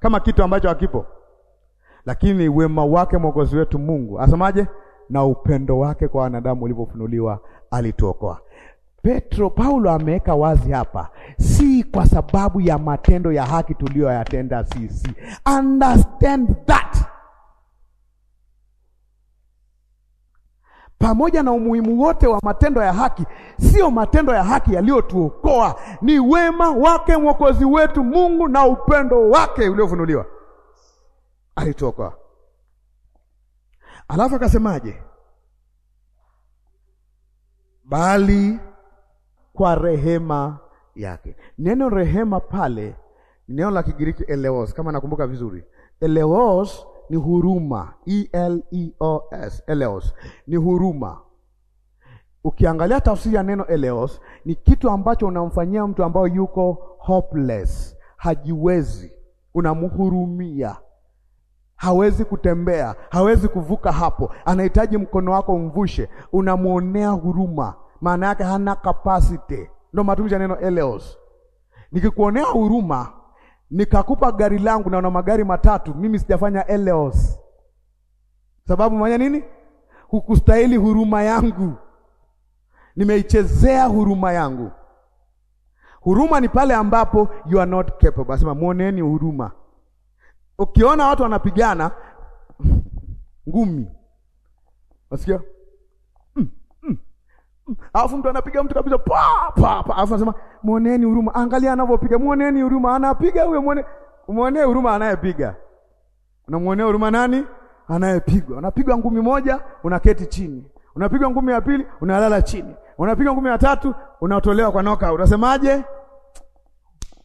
kama kitu ambacho hakipo. Lakini wema wake mwokozi wetu Mungu asemaje? Na upendo wake kwa wanadamu ulivyofunuliwa, alituokoa. Petro, Paulo ameweka wazi hapa, si kwa sababu ya matendo ya haki tuliyoyatenda sisi. Understand that pamoja na umuhimu wote wa matendo ya haki, sio matendo ya haki yaliyotuokoa, ni wema wake Mwokozi wetu Mungu na upendo wake uliofunuliwa, alituokoa. Alafu akasemaje? Bali kwa rehema yake. Neno rehema pale, neno la Kigiriki eleos, kama nakumbuka vizuri, eleos ni huruma, E L E O S, eleos ni huruma. Ukiangalia tafsiri ya neno eleos, ni kitu ambacho unamfanyia mtu ambayo yuko hopeless, hajiwezi, unamhurumia hawezi kutembea, hawezi kuvuka hapo, anahitaji mkono wako umvushe, unamwonea huruma. Maana yake hana capacity, ndio matumizi ya neno eleos. Nikikuonea huruma nikakupa gari langu na una magari matatu, mimi sijafanya eleos. Sababu fanya nini? Hukustahili huruma yangu, nimeichezea huruma yangu. Huruma ni pale ambapo you are not capable. Asema muoneni huruma. Ukiona watu wanapigana ngumi, nasikia alafu mtu anapiga mtu kabisa pa pa pa, alafu anasema muoneni huruma, angalia anavyopiga, muoneni huruma, anapiga huyo, muone muone huruma anayepiga. Unamuonea huruma nani? Anayepigwa. Unapigwa ngumi moja, unaketi chini. Unapigwa ngumi ya pili, unalala chini. Unapigwa ngumi ya tatu, unatolewa kwa noka. Unasemaje?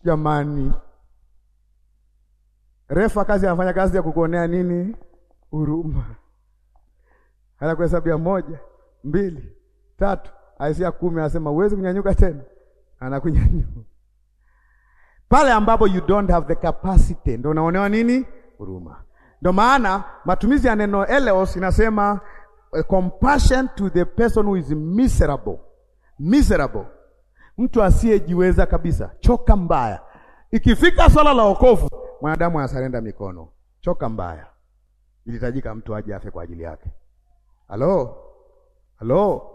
Jamani, refa kazi anafanya kazi ya kukuonea nini? Huruma. Hala kwa hesabu ya moja, mbili tatu Isaya kumi anasema huwezi kunyanyuka tena, anakunyanyua pale ambapo you don't have the capacity, ndio unaonewa nini? Huruma. Ndio maana matumizi ya neno eleos inasema eh, compassion to the person who is miserable. Miserable, mtu asiyejiweza kabisa, choka mbaya. Ikifika swala la wokovu, mwanadamu anasarenda mikono, choka mbaya. Ilitajika mtu aje afe kwa ajili yake. Halo, halo.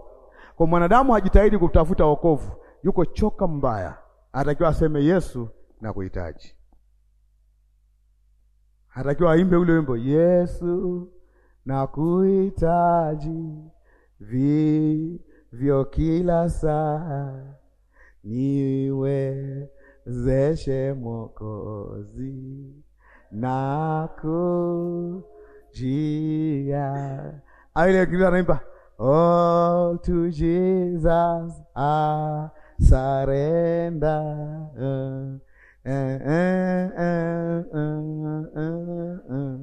Kwa mwanadamu hajitahidi kutafuta wokovu, yuko choka mbaya, anatakiwa aseme Yesu na kuhitaji, anatakiwa aimbe ule wimbo Yesu na kuhitaji vivyo kila saa, niwezeshe Mwokozi na kujia aile kila naimba All oh, to Jesus I surrender. Uh, uh, uh, uh, uh, uh.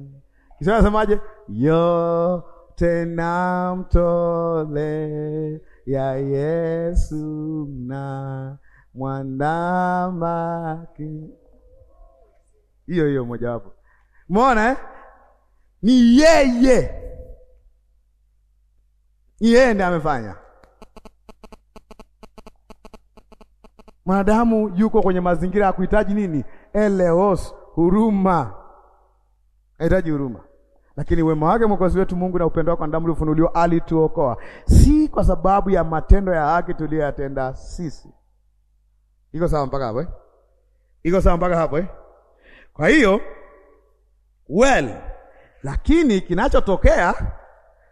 Kisha nasemaje? Yote namtole ya Yesu na mwandamaki. Hiyo hiyo mojawapo, mwona eh? Ni yeye yeye ndiye amefanya. Mwanadamu yuko kwenye mazingira ya kuhitaji nini? Eleos, huruma. Anahitaji huruma. Lakini wema wake Mwokozi wetu Mungu na upendo wake damu uliofunuliwa alituokoa, si kwa sababu ya matendo ya haki tuliyoyatenda sisi. Iko sawa mpaka hapo eh? Iko sawa mpaka hapo eh? Kwa hiyo well, lakini kinachotokea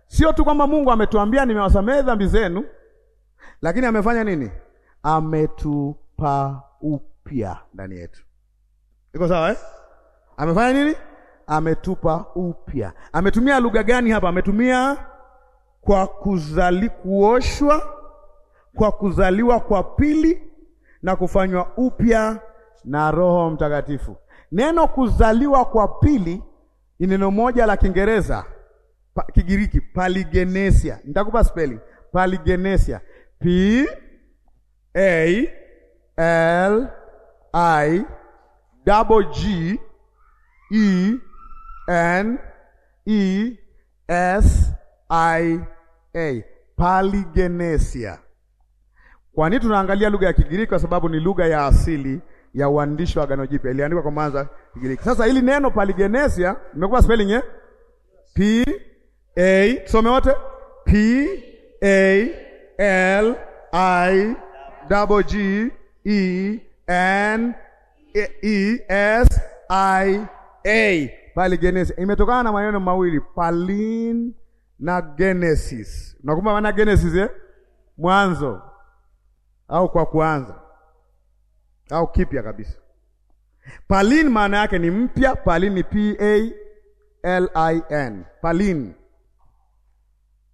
Sio tu kwamba Mungu ametuambia nimewasamehe dhambi zenu, lakini amefanya nini? Ametupa upya ndani yetu. Iko sawa eh? Amefanya nini? Ametupa upya. Ametumia lugha gani hapa? Ametumia kwa kuzali, kuoshwa kwa kuzaliwa kwa pili na kufanywa upya na Roho Mtakatifu. Neno kuzaliwa kwa pili ni neno moja la Kiingereza pa, Kigiriki paligenesia. Nitakupa spelling paligenesia, P A L I double G E N E S I A paligenesia. Kwa nini tunaangalia lugha ya Kigiriki? Kwa sababu ni lugha ya asili ya uandishi wa Agano Jipya, iliandikwa kwa mwanza Kigiriki. Sasa hili neno paligenesia, nimekupa spelling eh? P A some wote P A L I double G E N E S I A paligenesi imetokana na maneno mawili palin na Genesis. Unakumbuka maana Genesis eh? Mwanzo au kwa kuanza au kipya kabisa. Palin maana yake ni mpya. Palin ni P A L I N, palin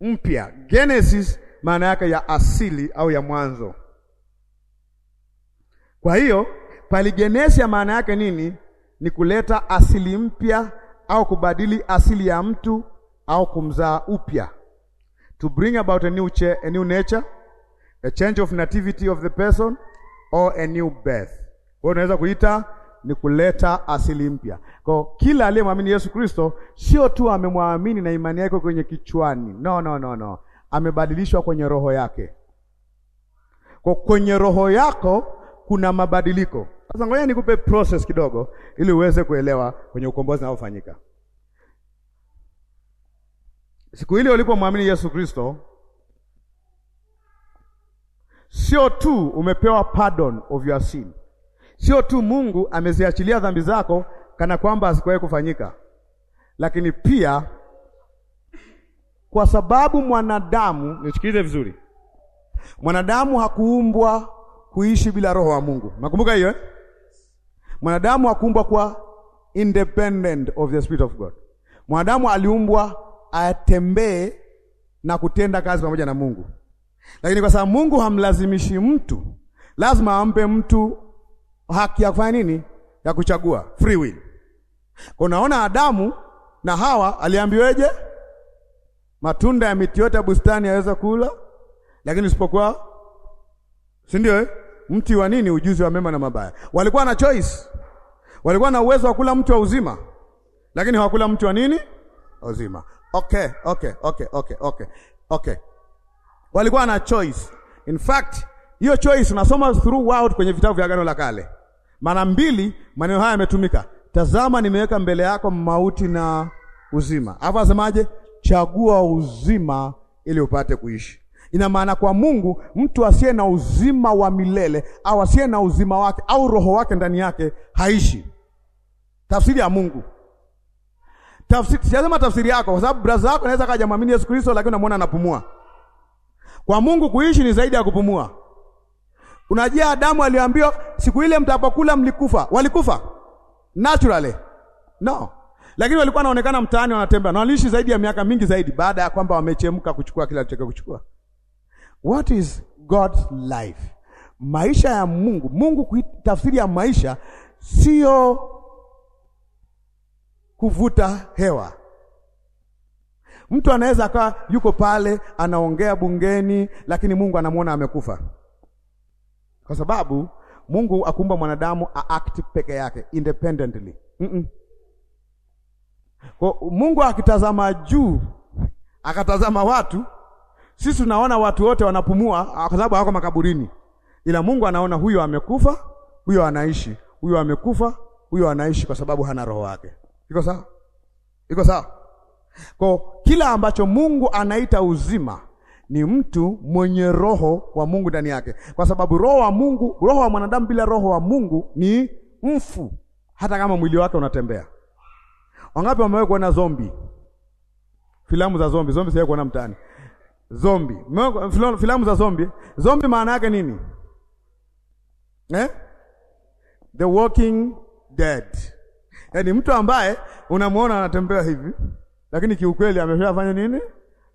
mpya. Genesis maana yake ya asili au ya mwanzo. Kwa hiyo paligenesia maana yake nini? Ni kuleta asili mpya au kubadili asili ya mtu au kumzaa upya, to bring about a new, a new nature, a change of nativity of the person or a new birth. Kwa hiyo unaweza kuita ni kuleta asili mpya. Kwa kila aliyemwamini Yesu Kristo sio tu amemwamini na imani yake kwenye kichwani, no, no, no, no, amebadilishwa kwenye roho yake. Kwa kwenye roho yako kuna mabadiliko. Sasa ngoja nikupe process kidogo, ili uweze kuelewa kwenye ukombozi unaofanyika siku ile ulipomwamini Yesu Kristo. Sio tu umepewa pardon of your sin Sio tu Mungu ameziachilia dhambi zako kana kwamba hazikuwahi kufanyika, lakini pia kwa sababu mwanadamu, nisikilize vizuri, mwanadamu hakuumbwa kuishi bila roho wa Mungu. Nakumbuka hiyo eh? Mwanadamu hakuumbwa kwa independent of the spirit of God. Mwanadamu aliumbwa atembee na kutenda kazi pamoja na Mungu, lakini kwa sababu Mungu hamlazimishi mtu, lazima ampe mtu haki ya kufanya nini? Ya kuchagua, free will. Unaona, Adamu na Hawa aliambiweje? Matunda ya miti yote ya bustani yaweza kula, lakini usipokuwa, si ndio eh? mti wa nini? Ujuzi wa mema na mabaya. Walikuwa na choice, walikuwa na uwezo wa kula mti wa uzima, lakini hawakula mti wa nini? Uzima. Okay, okay, okay, okay, okay, okay. Walikuwa na choice. In fact hiyo choice unasoma throughout kwenye vitabu vya Agano la Kale. Mara mbili maneno haya yametumika, tazama nimeweka mbele yako mauti na uzima. Hapo asemaje? Chagua uzima ili upate kuishi. Ina maana kwa Mungu, mtu asiye na uzima wa milele au asiye na uzima wake au roho wake ndani yake haishi. Tafsiri ya Mungu tafsiri, sijasema tafsiri yako, kwa sababu braza yako anaweza kaja mwamini Yesu Kristo, lakini unamwona anapumua. Kwa Mungu kuishi ni zaidi ya kupumua. Unajua Adamu aliambiwa siku ile mtapokula mlikufa. Walikufa naturally no, lakini walikuwa wanaonekana mtaani wanatembea na waliishi zaidi ya miaka mingi zaidi, baada ya kwamba wamechemka kuchukua kila chochote kuchukua. What is God's life? Maisha ya Mungu, Mungu tafsiri ya maisha sio kuvuta hewa. Mtu anaweza akawa yuko pale anaongea bungeni, lakini Mungu anamwona amekufa kwa sababu Mungu akumba mwanadamu aakti peke yake independently. mm -mm. Kwa Mungu akitazama juu akatazama watu, sisi tunaona watu wote wanapumua ah, kwa sababu hawako makaburini, ila Mungu anaona huyo amekufa, huyo anaishi, huyo amekufa, huyo anaishi, kwa sababu hana roho wake. Iko sawa? Iko sawa? Kwa kila ambacho Mungu anaita uzima ni mtu mwenye roho wa Mungu ndani yake, kwa sababu roho wa Mungu, roho wa mwanadamu bila roho wa Mungu ni mfu, hata kama mwili wake unatembea. Wangapi wamewahi kuona zombi? Filamu za zombi, zombi sijawahi kuona mtaani. Zombi, filamu za zombi. Zombi maana yake nini eh? The Walking Dead, yaani mtu ambaye unamwona anatembea hivi, lakini kiukweli ameshafanya nini?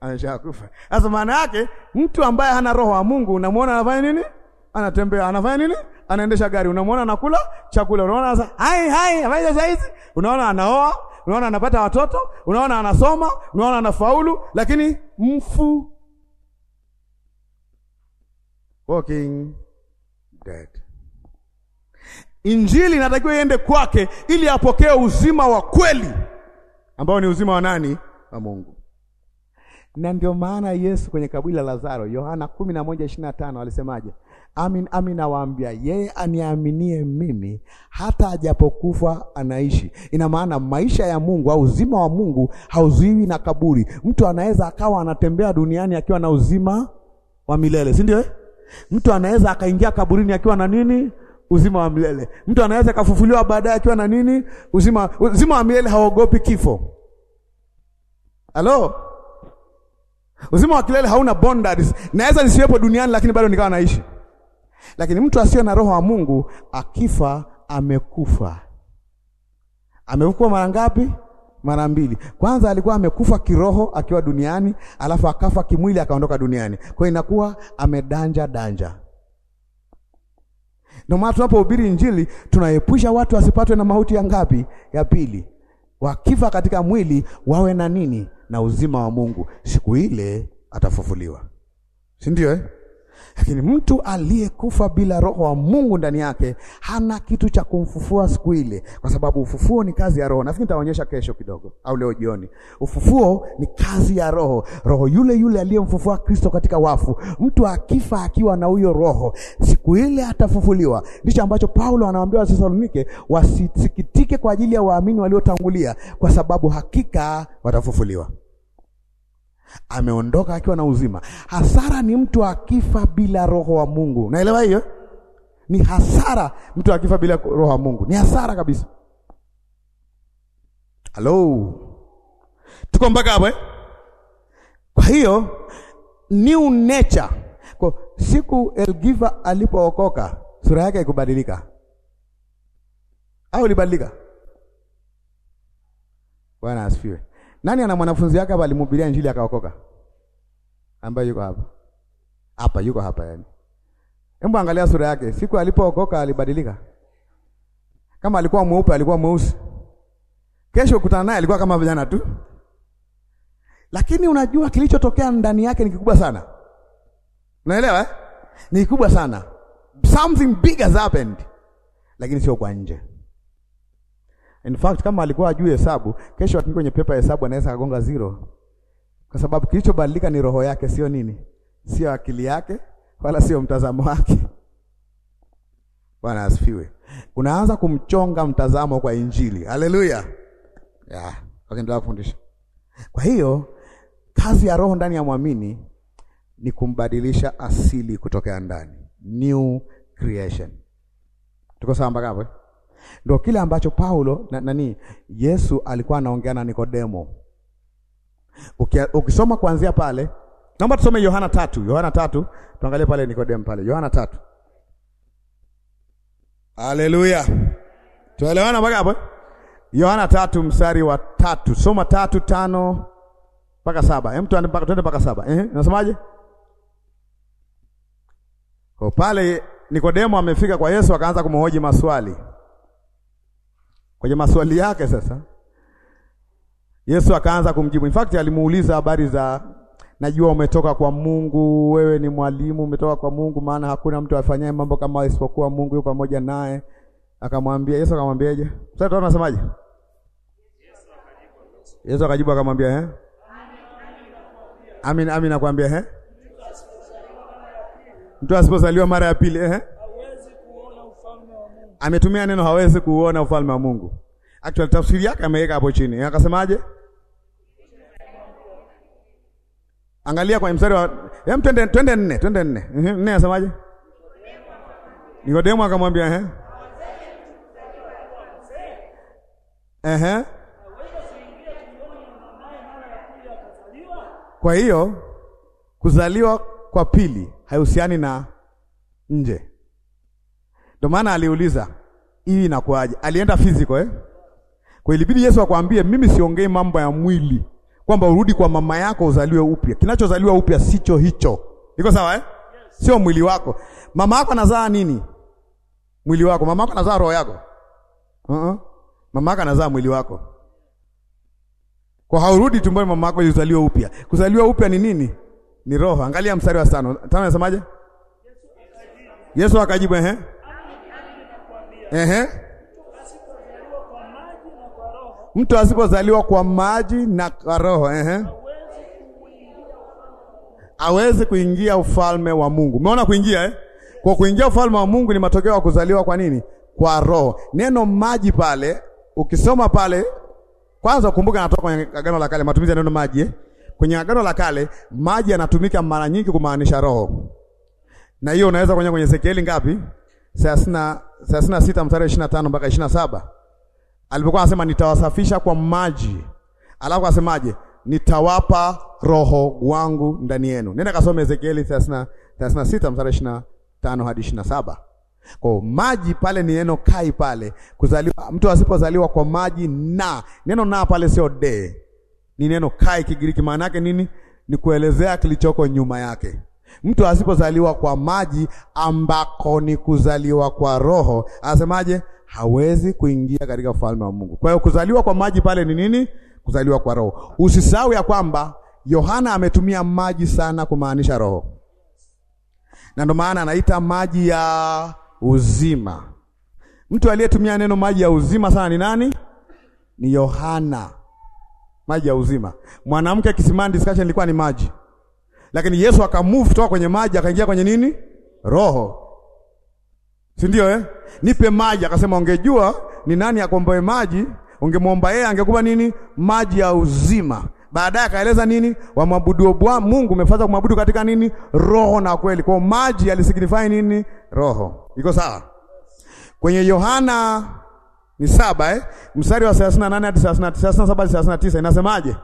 ameshakufa. Sasa maana yake mtu ambaye hana roho wa Mungu unamwona anafanya nini? Anatembea, anafanya nini? Anaendesha gari, unamwona anakula chakula, unaona sasa, hai hai, afanya sasa hizi, unaona anaoa, unaona anapata watoto, unaona anasoma, unaona anafaulu, lakini mfu walking dead. Injili inatakiwa iende kwake ili apokee uzima wa kweli ambao ni uzima wa nani? Wa Mungu. Na ndio maana Yesu kwenye kaburi la Lazaro, Yohana 11:25 alisemaje? Amin, amin nawaambia, yeye aniaminie mimi, hata ajapokufa anaishi. Ina maana maisha ya Mungu au uzima wa Mungu hauzuiwi na kaburi. Mtu anaweza akawa anatembea duniani akiwa na uzima wa milele, si ndio? Eh? Mtu anaweza akaingia kaburini akiwa na nini? Uzima wa milele. Mtu anaweza akafufuliwa baadaye akiwa na nini? Uzima, uzima wa milele. Haogopi kifo. Halo? Uzima wa kilele hauna boundaries. Naweza nisiwepo duniani lakini bado nikawa naishi. Lakini mtu asiye na roho wa Mungu akifa amekufa. Amekufa mara ngapi? Mara mbili. Kwanza alikuwa amekufa kiroho akiwa duniani, alafu akafa kimwili akaondoka duniani. Kwa hiyo inakuwa amedanja danja. Ndio maana tunapohubiri Injili tunaepusha watu wasipatwe na mauti ya ngapi? Ya pili wakifa katika mwili wawe na nini? Na uzima wa Mungu, siku ile atafufuliwa, si ndio eh? Lakini mtu aliyekufa bila roho wa Mungu ndani yake hana kitu cha kumfufua siku ile, kwa sababu ufufuo ni kazi ya roho. Nafikiri nitaonyesha kesho kidogo au leo jioni. Ufufuo ni kazi ya roho, roho yule yule aliyemfufua Kristo katika wafu. Mtu akifa akiwa na huyo roho, siku ile atafufuliwa. Ndicho ambacho Paulo anawaambia Wathesalonike, wasisikitike kwa ajili ya waamini waliotangulia, kwa sababu hakika watafufuliwa ameondoka akiwa na uzima. Hasara ni mtu akifa bila roho wa Mungu. Naelewa hiyo? Ni hasara mtu akifa bila roho wa Mungu, ni hasara kabisa. Halo, tuko mpaka hapo eh? Kwa hiyo new nature, kwa siku Elgiva alipookoka sura yake ikubadilika au ilibadilika? Bwana asifiwe. Nani ana mwanafunzi wake hapa alimhubiria injili akaokoka? Ambaye yuko hapa. Hapa yuko hapa yani. Hebu angalia sura yake. Siku alipookoka alibadilika. Kama alikuwa mweupe alikuwa mweusi. Kesho ukutana naye alikuwa kama vijana tu. Lakini unajua kilichotokea ndani yake ni kikubwa sana. Unaelewa? Eh? Ni kikubwa sana. Something big has happened. Lakini sio kwa nje. In fact kama alikuwa ajui hesabu, kesho akija kwenye pepa ya hesabu anaweza kagonga zero, kwa sababu kilichobadilika ni roho yake, sio nini, sio akili yake, wala sio mtazamo wake. Bwana asifiwe. Unaanza kumchonga mtazamo kwa Injili. Haleluya, yeah. Akaendelea kufundisha. Kwa hiyo kazi ya roho ndani ya mwamini ni kumbadilisha asili kutokea ndani, new creation. Tuko sawa mpaka hapo? Ndio kile ambacho Paulo na, nani Yesu alikuwa anaongea na Nikodemo. Ukisoma kuanzia pale, naomba tusome Yohana tatu. Yohana tatu tuangalie pale Nikodemo pale, Yohana tatu. Haleluya, tuelewana mpaka hapo? Eh? Yohana tatu mstari wa tatu, soma tatu tano mpaka saba. Hem, tuende mpaka saba. Eh, nasemaje? Kwa pale Nikodemo amefika kwa Yesu akaanza kumhoji maswali kwenye maswali yake. Sasa Yesu akaanza kumjibu. In fact alimuuliza habari za, najua umetoka kwa Mungu, wewe ni mwalimu, umetoka kwa Mungu, maana hakuna mtu afanyaye mambo kama isipokuwa Mungu yupo pamoja naye. Akamwambia Yesu, akamwambiaje? Sasa tunasemaje? Yesu akajibu akamwambia, he eh? amin amin, nakwambia he eh? mtu asipozaliwa mara ya pili eh ametumia neno hawezi kuuona ufalme wa Mungu. Actually tafsiri yake ameweka hapo chini, akasemaje? Angalia kwa mstari wa hem, twende twende nne, twende nne. Mhm, nne asemaje? Nikodemo akamwambia eh, eh, kwa hiyo kuzaliwa kwa pili haihusiani na nje ndio maana aliuliza hii inakuaje? Alienda fiziko eh? Kwa ilibidi Yesu akwambie mimi siongei mambo ya mwili kwamba urudi kwa mama yako uzaliwe upya. Kinachozaliwa upya sicho hicho. Iko sawa eh? Sio mwili wako. Mama yako anazaa nini? Mwili wako. Mama yako anazaa roho yako. Uh -uh. Mama yako anazaa mwili wako. Kwa haurudi tumboni mama yako ilizaliwa upya. Kuzaliwa upya ni nini? Ni roho. Angalia mstari wa tano. Tano nasemaje? Yesu akajibu ehe. Ehe. Mtu asipozaliwa kwa maji na kwa roho ehe, hawezi kuingia ufalme wa Mungu. Umeona kuingia eh? Kwa kuingia ufalme wa Mungu ni matokeo ya kuzaliwa kwa nini? Kwa roho. Neno maji pale ukisoma pale kwanza, kumbuka natoka kwenye agano la kale, matumizi ya neno maji eh? Kwenye agano la kale maji yanatumika mara nyingi kumaanisha roho, na hiyo unaweza kwenye kwenye Ezekieli ngapi? 36 mstari ishirini na mpaka 27, alipokuwa anasema nitawasafisha kwa maji, alafu asemaje? Nitawapa roho wangu ndani yenu. Nenda kasome Ezekieli 36 mstari 25 hadi 27. Kwa maji pale ni neno kai pale, kuzaliwa mtu asipozaliwa kwa maji na neno na pale sio de, ni neno kai Kigiriki. Maana yake nini? Ni kuelezea kilichoko nyuma yake. Mtu asipozaliwa kwa maji ambako ni kuzaliwa kwa roho, anasemaje? Hawezi kuingia katika ufalme wa Mungu. Kwa hiyo kuzaliwa kwa maji pale ni nini? Kuzaliwa kwa roho. Usisahau ya kwamba Yohana ametumia maji sana kumaanisha roho, na ndio maana anaita maji ya uzima. Mtu aliyetumia neno maji ya uzima sana ni nani? Ni Yohana. Maji ya uzima. Mwanamke kisimani, discussion ilikuwa ni maji lakini Yesu akamove toka kwenye maji akaingia kwenye nini? Roho. Si ndio eh? Nipe maji, akasema ungejua ni nani akomboe maji, ungemwomba yeye angekupa nini? Maji ya uzima. Baadaye akaeleza nini? Wamwabudu Bwana Mungu umefaza kumwabudu katika nini? Roho na kweli. Kwa maji alisignify nini? Roho. Iko sawa? Kwenye Yohana ni saba eh? Mstari wa 38 hadi 39, 37 hadi 39 inasemaje?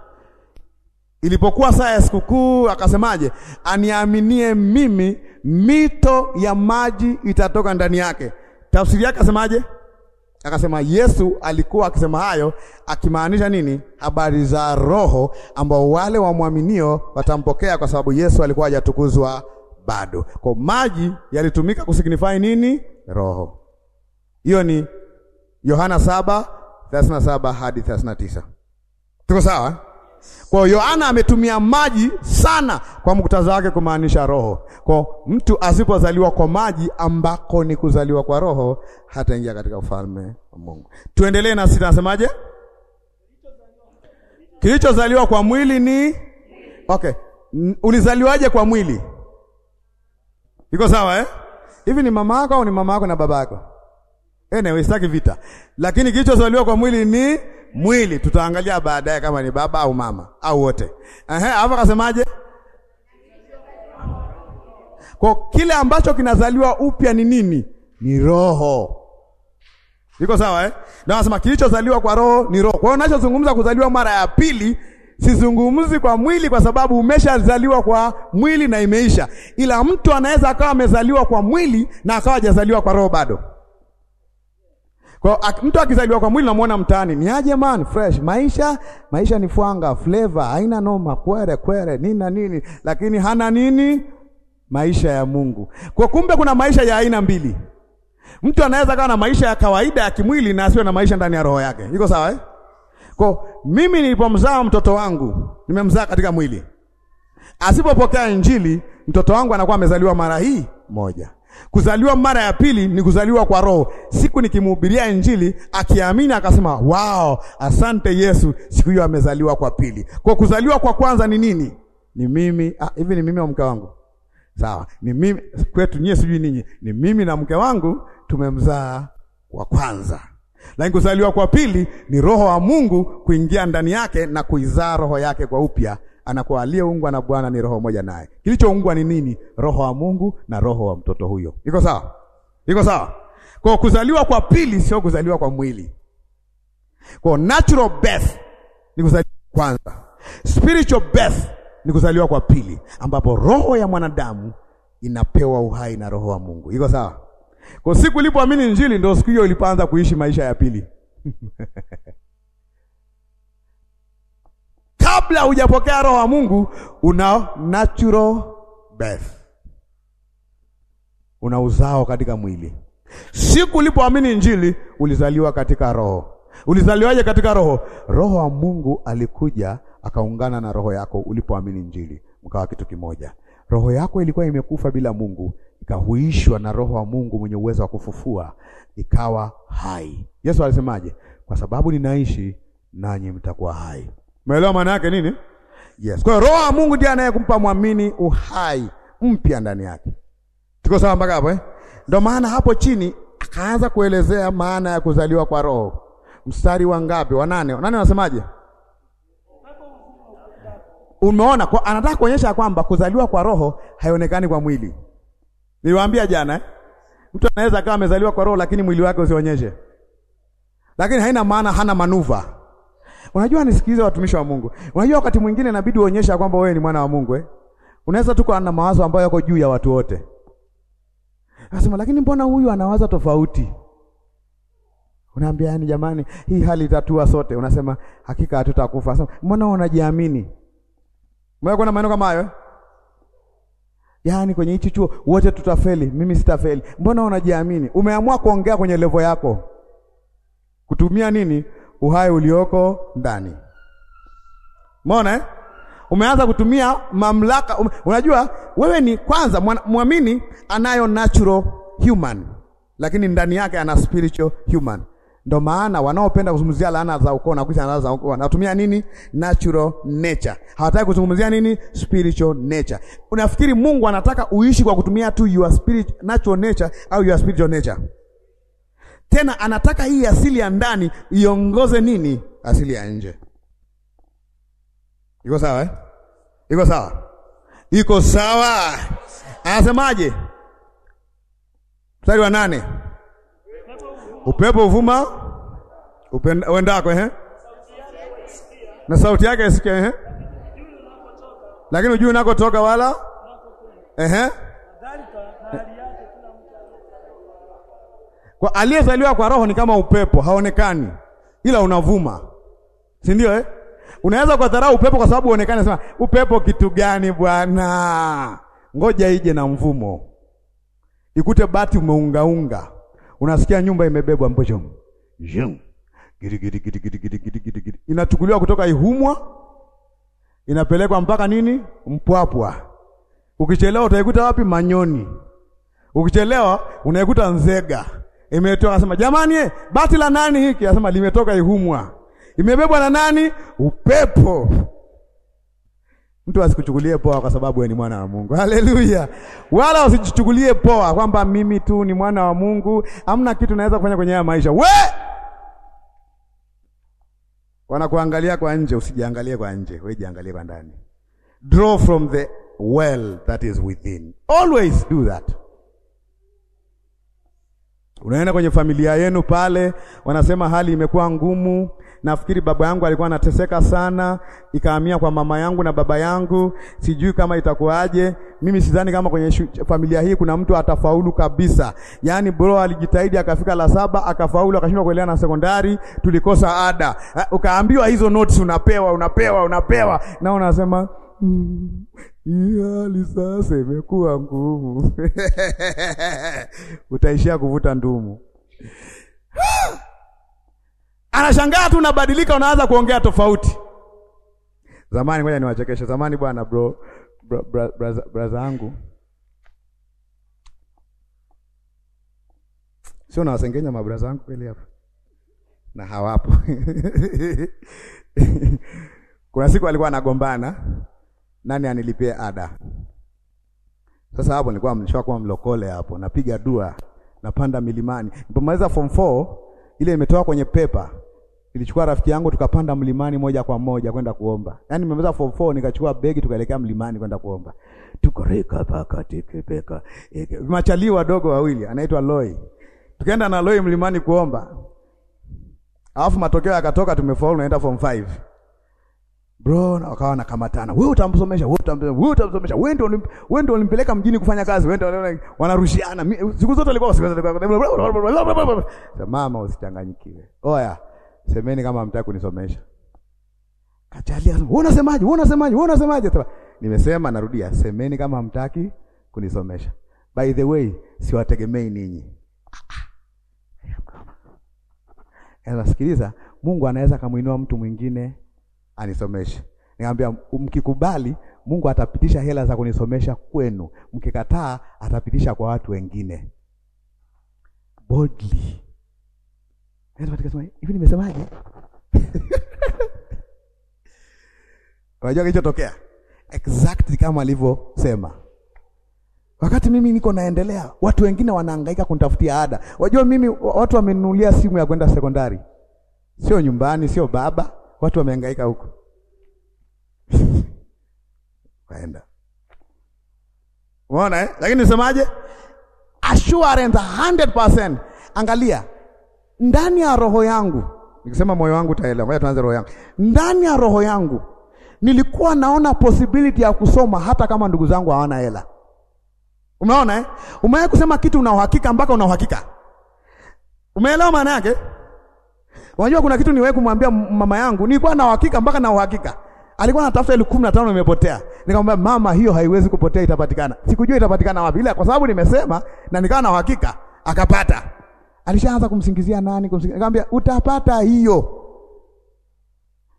Ilipokuwa saa ya sikukuu, akasemaje? Aniaminie mimi, mito ya maji itatoka ndani yake. Tafsiri yake asemaje? Akasema Yesu alikuwa akisema hayo akimaanisha nini? Habari za Roho ambao wale wamwaminio watampokea, kwa sababu Yesu alikuwa hajatukuzwa bado. Kwa maji yalitumika kusignify nini? Roho. Hiyo ni Yohana 7:37 hadi 39. Tuko sawa? Kwa hiyo Yohana ametumia maji sana kwa muktadha wake kumaanisha roho. Kwa mtu asipozaliwa kwa maji ambako ni kuzaliwa kwa roho hataingia katika ufalme wa Mungu. Tuendelee na sita, nasemaje? Kilichozaliwa kwa mwili ni okay. Ulizaliwaje kwa mwili? Iko sawa eh? Hivi ni mama yako au ni mama yako na baba yako? Anyway, sitaki vita. Lakini kilichozaliwa kwa mwili ni Mwili tutaangalia baadaye kama ni baba au mama au wote. Ehe, hapo akasemaje? Kwa kile ambacho kinazaliwa upya ni nini? Ni roho. Iko sawa eh? Na anasema kilichozaliwa kwa roho ni roho. Kwa hiyo ninachozungumza kuzaliwa mara ya pili sizungumzi kwa mwili kwa sababu umeshazaliwa kwa mwili na imeisha. Ila mtu anaweza akawa amezaliwa kwa mwili na akawa hajazaliwa kwa roho bado. Kwa mtu akizaliwa kwa mwili namuona mtaani, ni aje man fresh, maisha maisha ni fwanga, flavor haina noma, kwere kwere, nina nini, lakini hana nini, maisha ya Mungu. Kwa kumbe kuna maisha ya aina mbili. Mtu anaweza kawa na maisha ya kawaida ya kimwili na asiwe na maisha ndani ya roho yake. Iko sawa eh? Kwa mimi nilipomzaa mtoto wangu, nimemzaa katika mwili. Asipopokea Injili, mtoto wangu anakuwa amezaliwa mara hii moja. Kuzaliwa mara ya pili ni kuzaliwa kwa Roho. Siku nikimhubiria Injili akiamini akasema, wao, asante Yesu, siku hiyo amezaliwa kwa pili. Kwa kuzaliwa kwa kwanza ni nini? Ni mimi ah, hivi, ah, ni mimi au mke wangu? Sawa, ni mimi kwetu nyie, sijui ninyi, ni mimi na mke wangu tumemzaa kwa kwanza. Lakini kuzaliwa kwa pili ni Roho wa Mungu kuingia ndani yake na kuizaa roho yake kwa upya anakuwa aliyeungwa na Bwana ni roho moja naye. Kilichoungwa ni nini? Roho wa Mungu na roho wa mtoto huyo. Iko sawa? Iko sawa? Kwa kuzaliwa kwa pili sio kuzaliwa kwa mwili. Kwa natural birth ni kuzaliwa kwanza. Spiritual birth ni kuzaliwa kwa pili ambapo roho ya mwanadamu inapewa uhai na roho wa Mungu. Iko sawa? Kwa siku ulipoamini Injili ndio siku hiyo ulipoanza kuishi maisha ya pili. kabla hujapokea roho wa Mungu una natural birth, una uzao katika mwili. Siku ulipoamini Injili ulizaliwa katika roho. Ulizaliwaje katika roho? Roho wa Mungu alikuja akaungana na roho yako ulipoamini Injili, mkawa kitu kimoja. Roho yako ilikuwa imekufa bila Mungu, ikahuishwa na roho wa Mungu mwenye uwezo wa kufufua, ikawa hai. Yesu alisemaje? Kwa sababu ninaishi nanyi mtakuwa hai. Umeelewa maana yake nini? Yes. Kwa hiyo Roho wa Mungu ndiye anayekumpa mwamini uhai mpya ndani yake. Tuko sawa mpaka hapo eh? Ndio maana hapo chini akaanza kuelezea maana ya kuzaliwa kwa Roho. Mstari wa ngapi? Wa nane. Nani anasemaje? Umeona kwa, anataka kuonyesha kwamba kuzaliwa kwa Roho haionekani kwa mwili. Niliwaambia jana eh? Mtu anaweza akawa amezaliwa kwa Roho lakini mwili wake usionyeshe, lakini haina maana hana manuva Unajua, nisikilize watumishi wa Mungu. Unajua wakati mwingine inabidi uonyesha kwamba wewe ni mwana wa Mungu eh? Unaweza tu kuwa na mawazo ambayo yako juu ya watu wote. nasema lakini mbona huyu anawaza tofauti? Unaambia yani, jamani, hii hali itatua sote. Unasema hakika hatutakufa. Sasa mbona unajiamini? Mbona kuna maneno kama hayo? Eh? Yaani kwenye hichi chuo wote tutafeli, mimi sitafeli. Mbona unajiamini? Umeamua kuongea kwenye levo yako. Kutumia nini? uhai ulioko ndani. Umeona eh? Umeanza kutumia mamlaka ume, unajua wewe ni kwanza mwamini anayo natural human, lakini ndani yake ana spiritual human. Ndio maana wanaopenda kuzungumzia laana za ukoo na kuita laana za ukoo wanatumia nini? Natural nature. Hawataki kuzungumzia nini? Spiritual nature. Unafikiri Mungu anataka uishi kwa kutumia tu your spirit, natural nature au your spiritual nature? Tena anataka hii asili ya ndani iongoze nini? Asili ya nje. Iko sawa eh? Iko sawa, iko sawa. Anasemaje? Mstari wa nane, upepo uvuma uendako, eh? na sauti yake isikie, eh? lakini ujui unakotoka wala eh? eh? Kwa aliyezaliwa kwa roho ni kama upepo, haonekani ila unavuma, si ndio eh? Unaweza kudharau upepo kwa sababu uonekane, sema upepo kitu gani bwana, ngoja ije na mvumo, ikute bati umeungaunga, unasikia nyumba imebebwa mbojo giri, inachukuliwa kutoka Ihumwa inapelekwa mpaka nini, Mpwapwa. Ukichelewa utaikuta wapi? Manyoni. Ukichelewa unaikuta Nzega imetoka, asema jamani, bati la nani hiki? Asema limetoka Ihumwa, imebebwa na nani? Upepo. Mtu asikuchukulie poa kwa sababu wewe ni mwana wa Mungu. Haleluya! Wala usichukulie poa kwamba mimi tu ni mwana wa Mungu, hamna kitu naweza kufanya kwenye haya maisha. We wanakuangalia kwa nje, usijiangalie kwa nje, wewe jiangalie kwa ndani. Draw from the well that is within. Always do that. Unaenda kwenye familia yenu pale, wanasema hali imekuwa ngumu. Nafikiri baba yangu alikuwa anateseka sana, ikahamia kwa mama yangu na baba yangu, sijui kama itakuwaje. Mimi sidhani kama kwenye familia hii kuna mtu atafaulu kabisa. Yaani bro alijitahidi akafika la saba, akafaulu, akashindwa kuelewa na sekondari, tulikosa ada. Eh, ukaambiwa hizo notes unapewa, unapewa, unapewa, na unasema mm, hali sasa imekuwa ngumu utaishia kuvuta ndumu. Anashangaa tu unabadilika, unaanza kuongea tofauti. Zamani, ngoja niwachekeshe. Zamani bwana, bro, bro, braza yangu sio, nawasengenya mabraza yangu kweli hapa na hawapo kuna siku alikuwa anagombana nani anilipie ada? Sasa hapo nilikuwa mlishakuwa mlokole hapo, napiga dua, napanda milimani. Nilipomaliza form 4 ile imetoka kwenye pepa, ilichukua rafiki yangu tukapanda mlimani moja kwa moja kwenda kuomba. Yaani nimemaliza form 4 nikachukua begi tukaelekea mlimani kwenda kuomba. Tukoreka paka tikipeka. Machalii wadogo wawili anaitwa Loi. Tukaenda na Loi mlimani kuomba. Alafu matokeo yakatoka tumefaulu naenda form 5 bro, na wakawa na nakamatana, wewe utamsomesha, wewe utamsomesha, wewe utamsomesha, wewe ndio wewe ndio ulimpeleka mjini kufanya kazi, wewe ndio wanarushiana siku zote, alikuwa siku usikwenda. Mama, usichanganyikiwe. Oya, semeni kama mtaki kunisomesha. Kachalia, wewe unasemaje? Wewe unasemaje? Wewe unasemaje? Nimesema, narudia, semeni kama mtaki kunisomesha. By the way, siwategemei ninyi. Ela, sikiliza, Mungu anaweza kumuinua mtu mwingine anisomeshe. Nikamwambia mkikubali, Mungu atapitisha hela za kunisomesha kwenu, mkikataa atapitisha kwa watu wengine. Boldly yaani hivi nimesemaje? Unajua kilichotokea exactly kama alivyosema. Wakati mimi niko naendelea, watu wengine wanahangaika kunitafutia ada. Wajua mimi watu wamenunulia simu ya kwenda sekondari, sio nyumbani, sio baba watu wamehangaika huko waenda umeona eh? Lakini nisemaje? Assurance 100%. Angalia ndani ya roho yangu, nikisema moyo wangu taelewa. Ngoja tuanze roho yangu. Ndani ya roho yangu nilikuwa naona possibility ya kusoma hata kama ndugu zangu hawana hela. Umeona eh? Umewahi kusema kitu una uhakika mpaka una uhakika. Umeelewa maana yake? Unajua kuna kitu niwahi kumwambia mama yangu, nilikuwa na uhakika mpaka na uhakika. Alikuwa anatafuta ile 15 imepotea. Nikamwambia mama, hiyo haiwezi kupotea, itapatikana. Sikujua itapatikana wapi, ila kwa sababu nimesema na nikawa na uhakika, akapata. Alishaanza kumsingizia nani, kumsingizia. Nikamwambia utapata hiyo.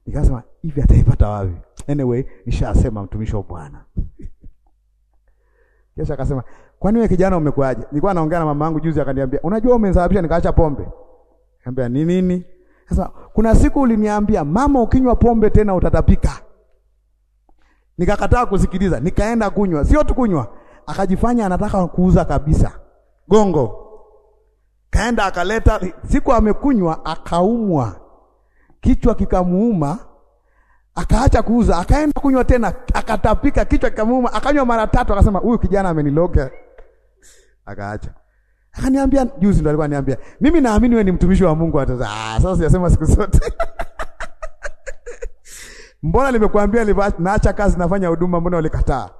Nikasema hivi ataipata wapi? Anyway, nishasema mtumishi wa Bwana. Kesha akasema, "Kwani wewe kijana umekuaje?" Nilikuwa naongea na mama yangu juzi akaniambia, "Unajua umesababisha nikaacha pombe." Akaniambia "Ni nini?" Sasa kuna siku uliniambia mama, ukinywa pombe tena utatapika. Nikakataa kusikiliza, nikaenda kunywa. Sio tu kunywa, akajifanya anataka kuuza kabisa gongo. Kaenda akaleta, siku amekunywa akaumwa, kichwa kikamuuma, akaacha kuuza, akaenda kunywa tena, akatapika, kichwa kikamuuma, akanywa mara tatu, akasema huyu kijana ameniloga, akaacha. Akaniambia juzi ndo alikuwa ananiambia, mimi naamini wewe ni mtumishi wa Mungu. Hata ah, sasa sijasema siku zote mbona nimekuambia naacha kazi nafanya huduma, mbona ulikataa?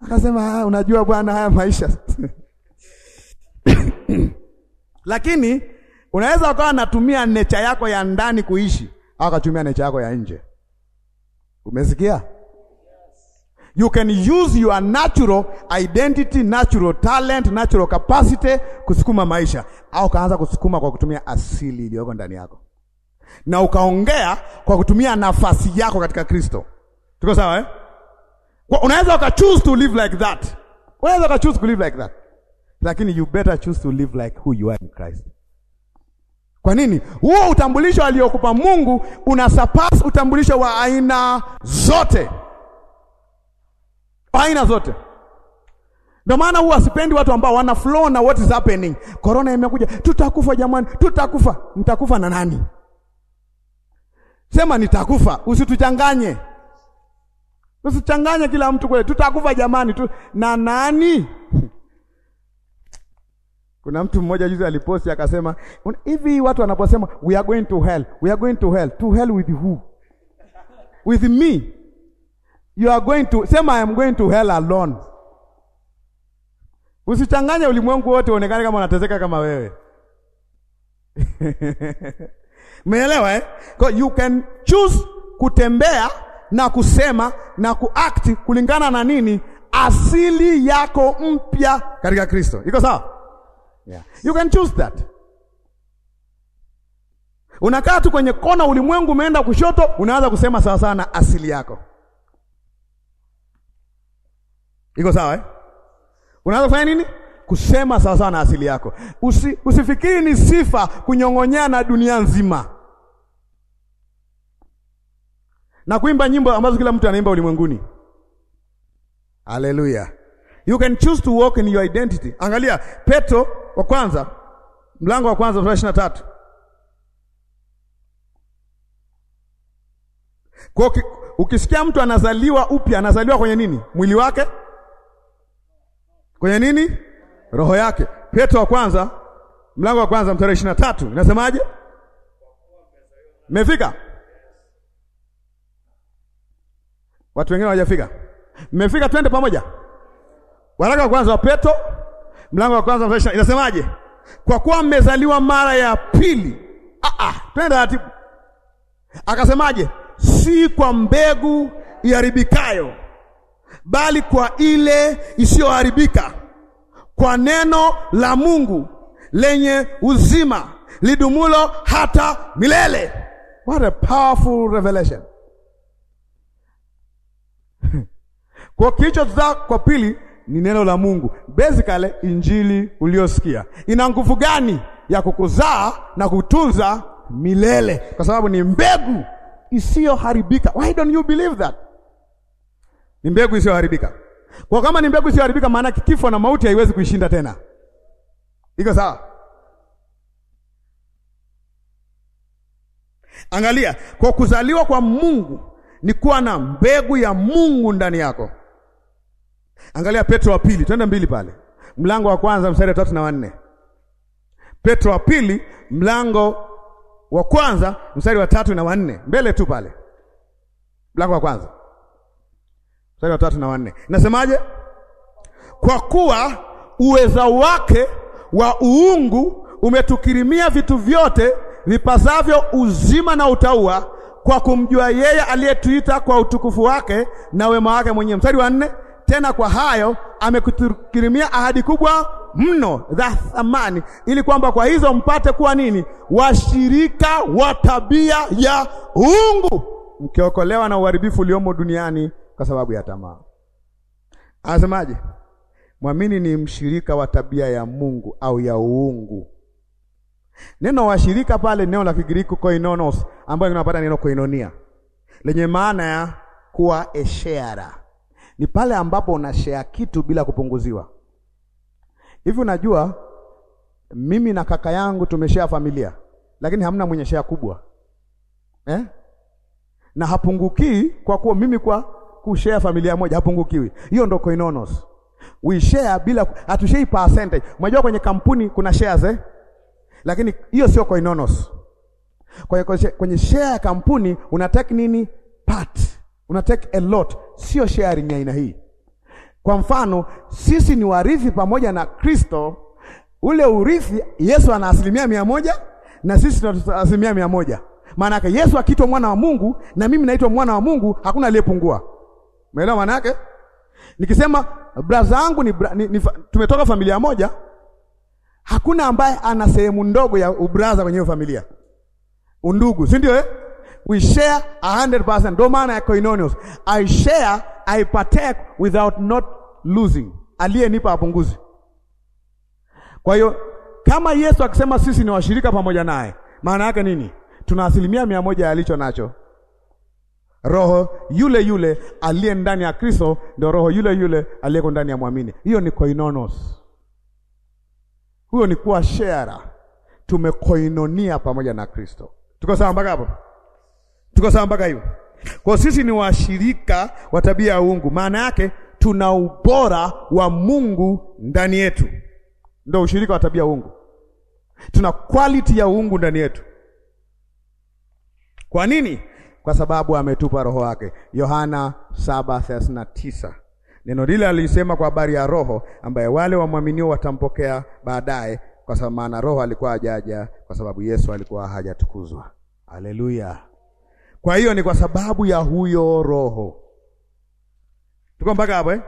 Akasema ah, unajua bwana, haya maisha lakini unaweza ukawa natumia necha yako ya ndani kuishi au akatumia necha yako ya nje. Umesikia? You can use your natural identity, natural talent, natural capacity kusukuma maisha, au ukaanza kusukuma kwa kutumia asili iliyoko ndani yako, na ukaongea kwa kutumia nafasi yako katika Kristo. Tuko sawa eh? Unaweza uka choose to live like that, unaweza uka choose to live like that, lakini you better choose to live like who you are in Christ. Kwa nini? Huo utambulisho aliokupa Mungu una surpass utambulisho wa aina zote wa aina zote. Ndio maana huwa sipendi watu ambao wana flow na what is happening. Corona imekuja, tutakufa jamani, tutakufa. Mtakufa na nani? Sema nitakufa, usituchanganye, usichanganye kila mtu kule, tutakufa jamani tu na nani? Kuna mtu mmoja juzi aliposti akasema, hivi watu wanaposema we are going to hell, we are going to hell, to hell with who? With me you are going to sema, I am going to hell alone. Usichanganye ulimwengu wote uonekane kama unateseka kama wewe Umeelewa eh? You can choose kutembea na kusema na kuact kulingana na nini? Asili yako mpya katika Kristo. Iko sawa? Yeah. You can choose that. Unakaa tu kwenye kona, ulimwengu umeenda kushoto, unaanza kusema sawa sawa na asili yako. Iko sawa eh? Unaweza kufanya nini? Kusema sawasawa na asili yako. Usi, usifikiri ni sifa kunyong'onyana dunia nzima na kuimba nyimbo ambazo kila mtu anaimba ulimwenguni. Haleluya. You can choose to walk in your identity. Angalia Petro wa kwanza mlango wa kwanza sura ishirini na tatu. Kwa ukisikia mtu anazaliwa upya, anazaliwa kwenye nini? Mwili wake kwenye nini? Roho yake. Petro wa kwanza mlango wa kwanza mstari ishirini na tatu inasemaje? Mmefika? Watu wengine hawajafika. Mmefika, twende pamoja. Waraka wa kwanza wa Petro mlango wa kwanza mstari inasemaje? Kwa kuwa mmezaliwa mara ya pili. Ah ah, twende taratibu. Akasemaje? Si kwa mbegu iharibikayo, bali kwa ile isiyoharibika, kwa neno la Mungu lenye uzima lidumulo hata milele. What a powerful revelation! Kwa kicho tuta kwa pili ni neno la Mungu, basically injili uliosikia ina nguvu gani ya kukuzaa na kutunza milele, kwa sababu ni mbegu isiyoharibika. Why don't you believe that? ni mbegu isiyoharibika. Kwa kama ni mbegu isiyoharibika, maana kifo na mauti haiwezi kuishinda tena. Iko sawa? Angalia, kwa kuzaliwa kwa Mungu ni kuwa na mbegu ya Mungu ndani yako. Angalia Petro wa pili, twende mbili pale, mlango wa kwanza mstari wa tatu na wanne. Petro wa pili mlango wa kwanza mstari wa tatu na wanne, mbele tu pale, mlango wa kwanza mstari wa tatu na wanne inasemaje? Kwa kuwa uweza wake wa uungu umetukirimia vitu vyote vipasavyo uzima na utaua kwa kumjua yeye aliyetuita kwa utukufu wake na wema wake mwenyewe. Mstari wa nne, tena kwa hayo amekutukirimia ahadi kubwa mno za thamani, ili kwamba kwa hizo mpate kuwa nini? Washirika wa tabia ya uungu, mkiokolewa na uharibifu uliomo duniani kwa sababu ya tamaa. Anasemaje? Mwamini ni mshirika wa tabia ya Mungu au ya uungu. Neno washirika pale, neno la Kigiriki koinonos, ambayo tunapata neno koinonia lenye maana ya kuwa eshera, ni pale ambapo unashea kitu bila kupunguziwa. Hivi unajua mimi na kaka yangu tumeshare familia, lakini hamna mwenye share kubwa eh? na hapungukii kwa kuwa mimi kwa kushare familia moja hapungukiwi. Hiyo ndo koinonos. We share bila hatushare percentage. Unajua kwenye kampuni kuna shares eh? Lakini hiyo sio koinonos. Kwenye, kwenye share ya kampuni una take nini? Part. Una take a lot. Sio sharing ya aina hii. Kwa mfano, sisi ni warithi pamoja na Kristo. Ule urithi Yesu ana asilimia mia moja na sisi tuna asilimia mia moja. Maana yake Yesu akiitwa mwana wa Mungu na mimi naitwa mwana wa Mungu, hakuna aliyepungua. Umeelewa maana yake? Nikisema braza yangu ni, ni, ni, tumetoka familia moja, hakuna ambaye ana sehemu ndogo ya ubraza kwenye familia, undugu, si ndio eh? We share 100%. Ndio maana ya koinonios, I share, I partake without not losing. Aliyenipa apunguzi. Kwa hiyo kama Yesu akisema sisi ni washirika pamoja naye, maana yake nini? Tuna asilimia mia moja ya alicho nacho Roho yule yule aliye ndani ya Kristo ndio roho yule yule aliyeko ndani ya mwamini. Hiyo ni koinonos, huyo ni kuwa shera. Tumekoinonia pamoja na Kristo. Tuko sawa mpaka hapo? Tuko sawa mpaka hiyo? Kwa sisi ni washirika wa tabia ya uungu, maana yake tuna ubora wa Mungu ndani yetu, ndio ushirika wa tabia ya uungu. Tuna quality ya uungu ndani yetu. Kwa nini? kwa sababu ametupa roho wake. Yohana 7:39. Neno lile alisema kwa habari ya roho ambaye wale wamwaminio watampokea baadaye, kwa sababu maana roho alikuwa hajaja kwa sababu Yesu alikuwa hajatukuzwa. Haleluya! Kwa hiyo ni kwa sababu ya huyo roho. Tuko mpaka hapo eh?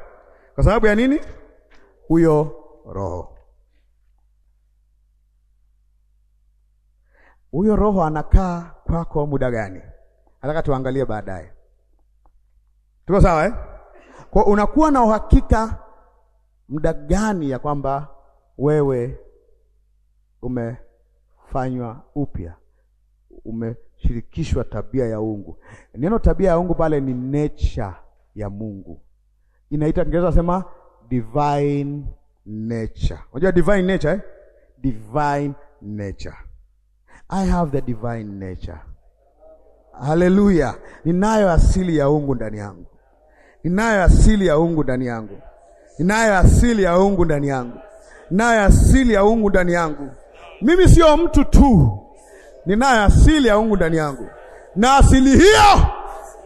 Kwa sababu ya nini? Huyo roho, huyo roho anakaa kwako muda gani? Nataka tuangalie baadaye. Tuko sawa eh? Kwa unakuwa na uhakika muda gani ya kwamba wewe umefanywa upya, umeshirikishwa tabia ya ungu Neno tabia ya ungu pale ni nature ya Mungu, inaita Kiingereza sema divine nature. Unajua divine nature eh? Divine nature, I have the divine nature Haleluya! Ninayo asili ya uungu ndani yangu, ninayo asili ya uungu ndani yangu, ninayo asili ya uungu ndani yangu, ninayo asili ya uungu ndani yangu. Mimi sio mtu tu, ninayo asili ya uungu ndani yangu, na asili hiyo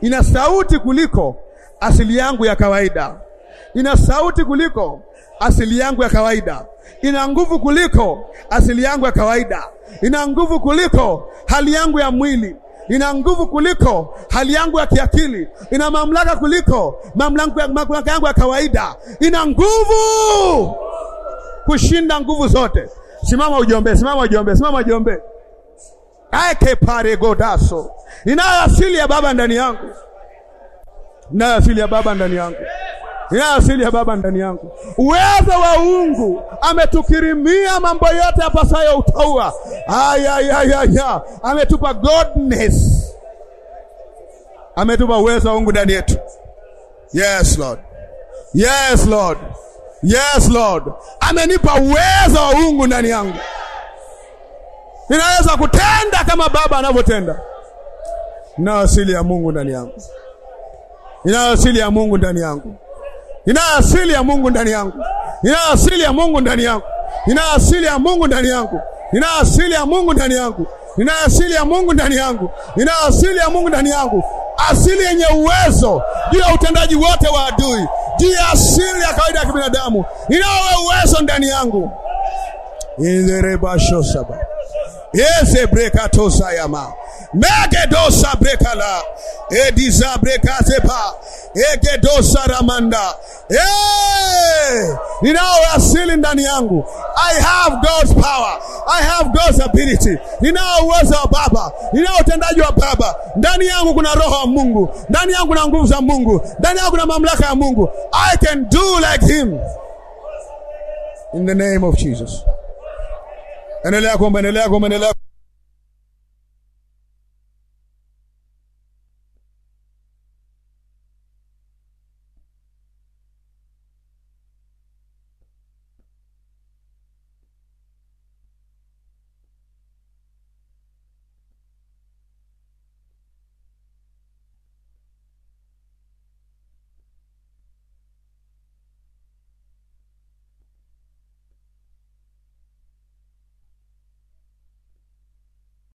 ina sauti kuliko asili yangu ya kawaida, ina sauti kuliko asili yangu ya kawaida, ina nguvu kuliko asili yangu ya kawaida, ina nguvu kuliko hali yangu ya mwili ina nguvu kuliko hali yangu ya kiakili, ina mamlaka kuliko mamlaka yangu ya kawaida, ina nguvu kushinda nguvu zote. Simama ujombe, simama ujombe, simama ujombe. Aeke pare godaso, inayo asili ya Baba ndani yangu, inayo asili ya Baba ndani yangu ya asili ya Baba ndani yangu, uwezo wa uungu. Ametukirimia mambo yote yapasayo utaua. Ayayayaya, ametupa godness, ametupa uwezo wa uungu ndani yetu. Yes Lord, yes Lord, yes Lord, amenipa uwezo wa uungu ndani yangu. Ninaweza kutenda kama Baba anavyotenda. Nina asili ya Mungu ndani yangu, ina asili ya Mungu ndani yangu nina asili ya Mungu ndani yangu, nina asili ya Mungu ndani yangu, nina asili ya Mungu ndani yangu, nina asili ya Mungu ndani yangu, nina asili ya Mungu ndani yangu, nina asili ya Mungu ndani yangu, asili yenye uwezo juu ya utendaji wote wa adui, juu ya asili ya kawaida ya kibinadamu. Nina uwezo ndani yangu inzerebashosaba yezebrekatosayama megedosa brekala ediza brekatepa egedosa ramanda hey! ninaoasili ndani yangu I have God's power. I have God's ability. Ninao uwezo wa Baba, ninao utendaji wa Baba. Ndani yangu kuna roho wa Mungu, ndani yangu kuna nguvu za Mungu, ndani yangu kuna mamlaka ya Mungu. I can do like him in the name of Jesus. Endelea kuomba, endelea kuomba, endelea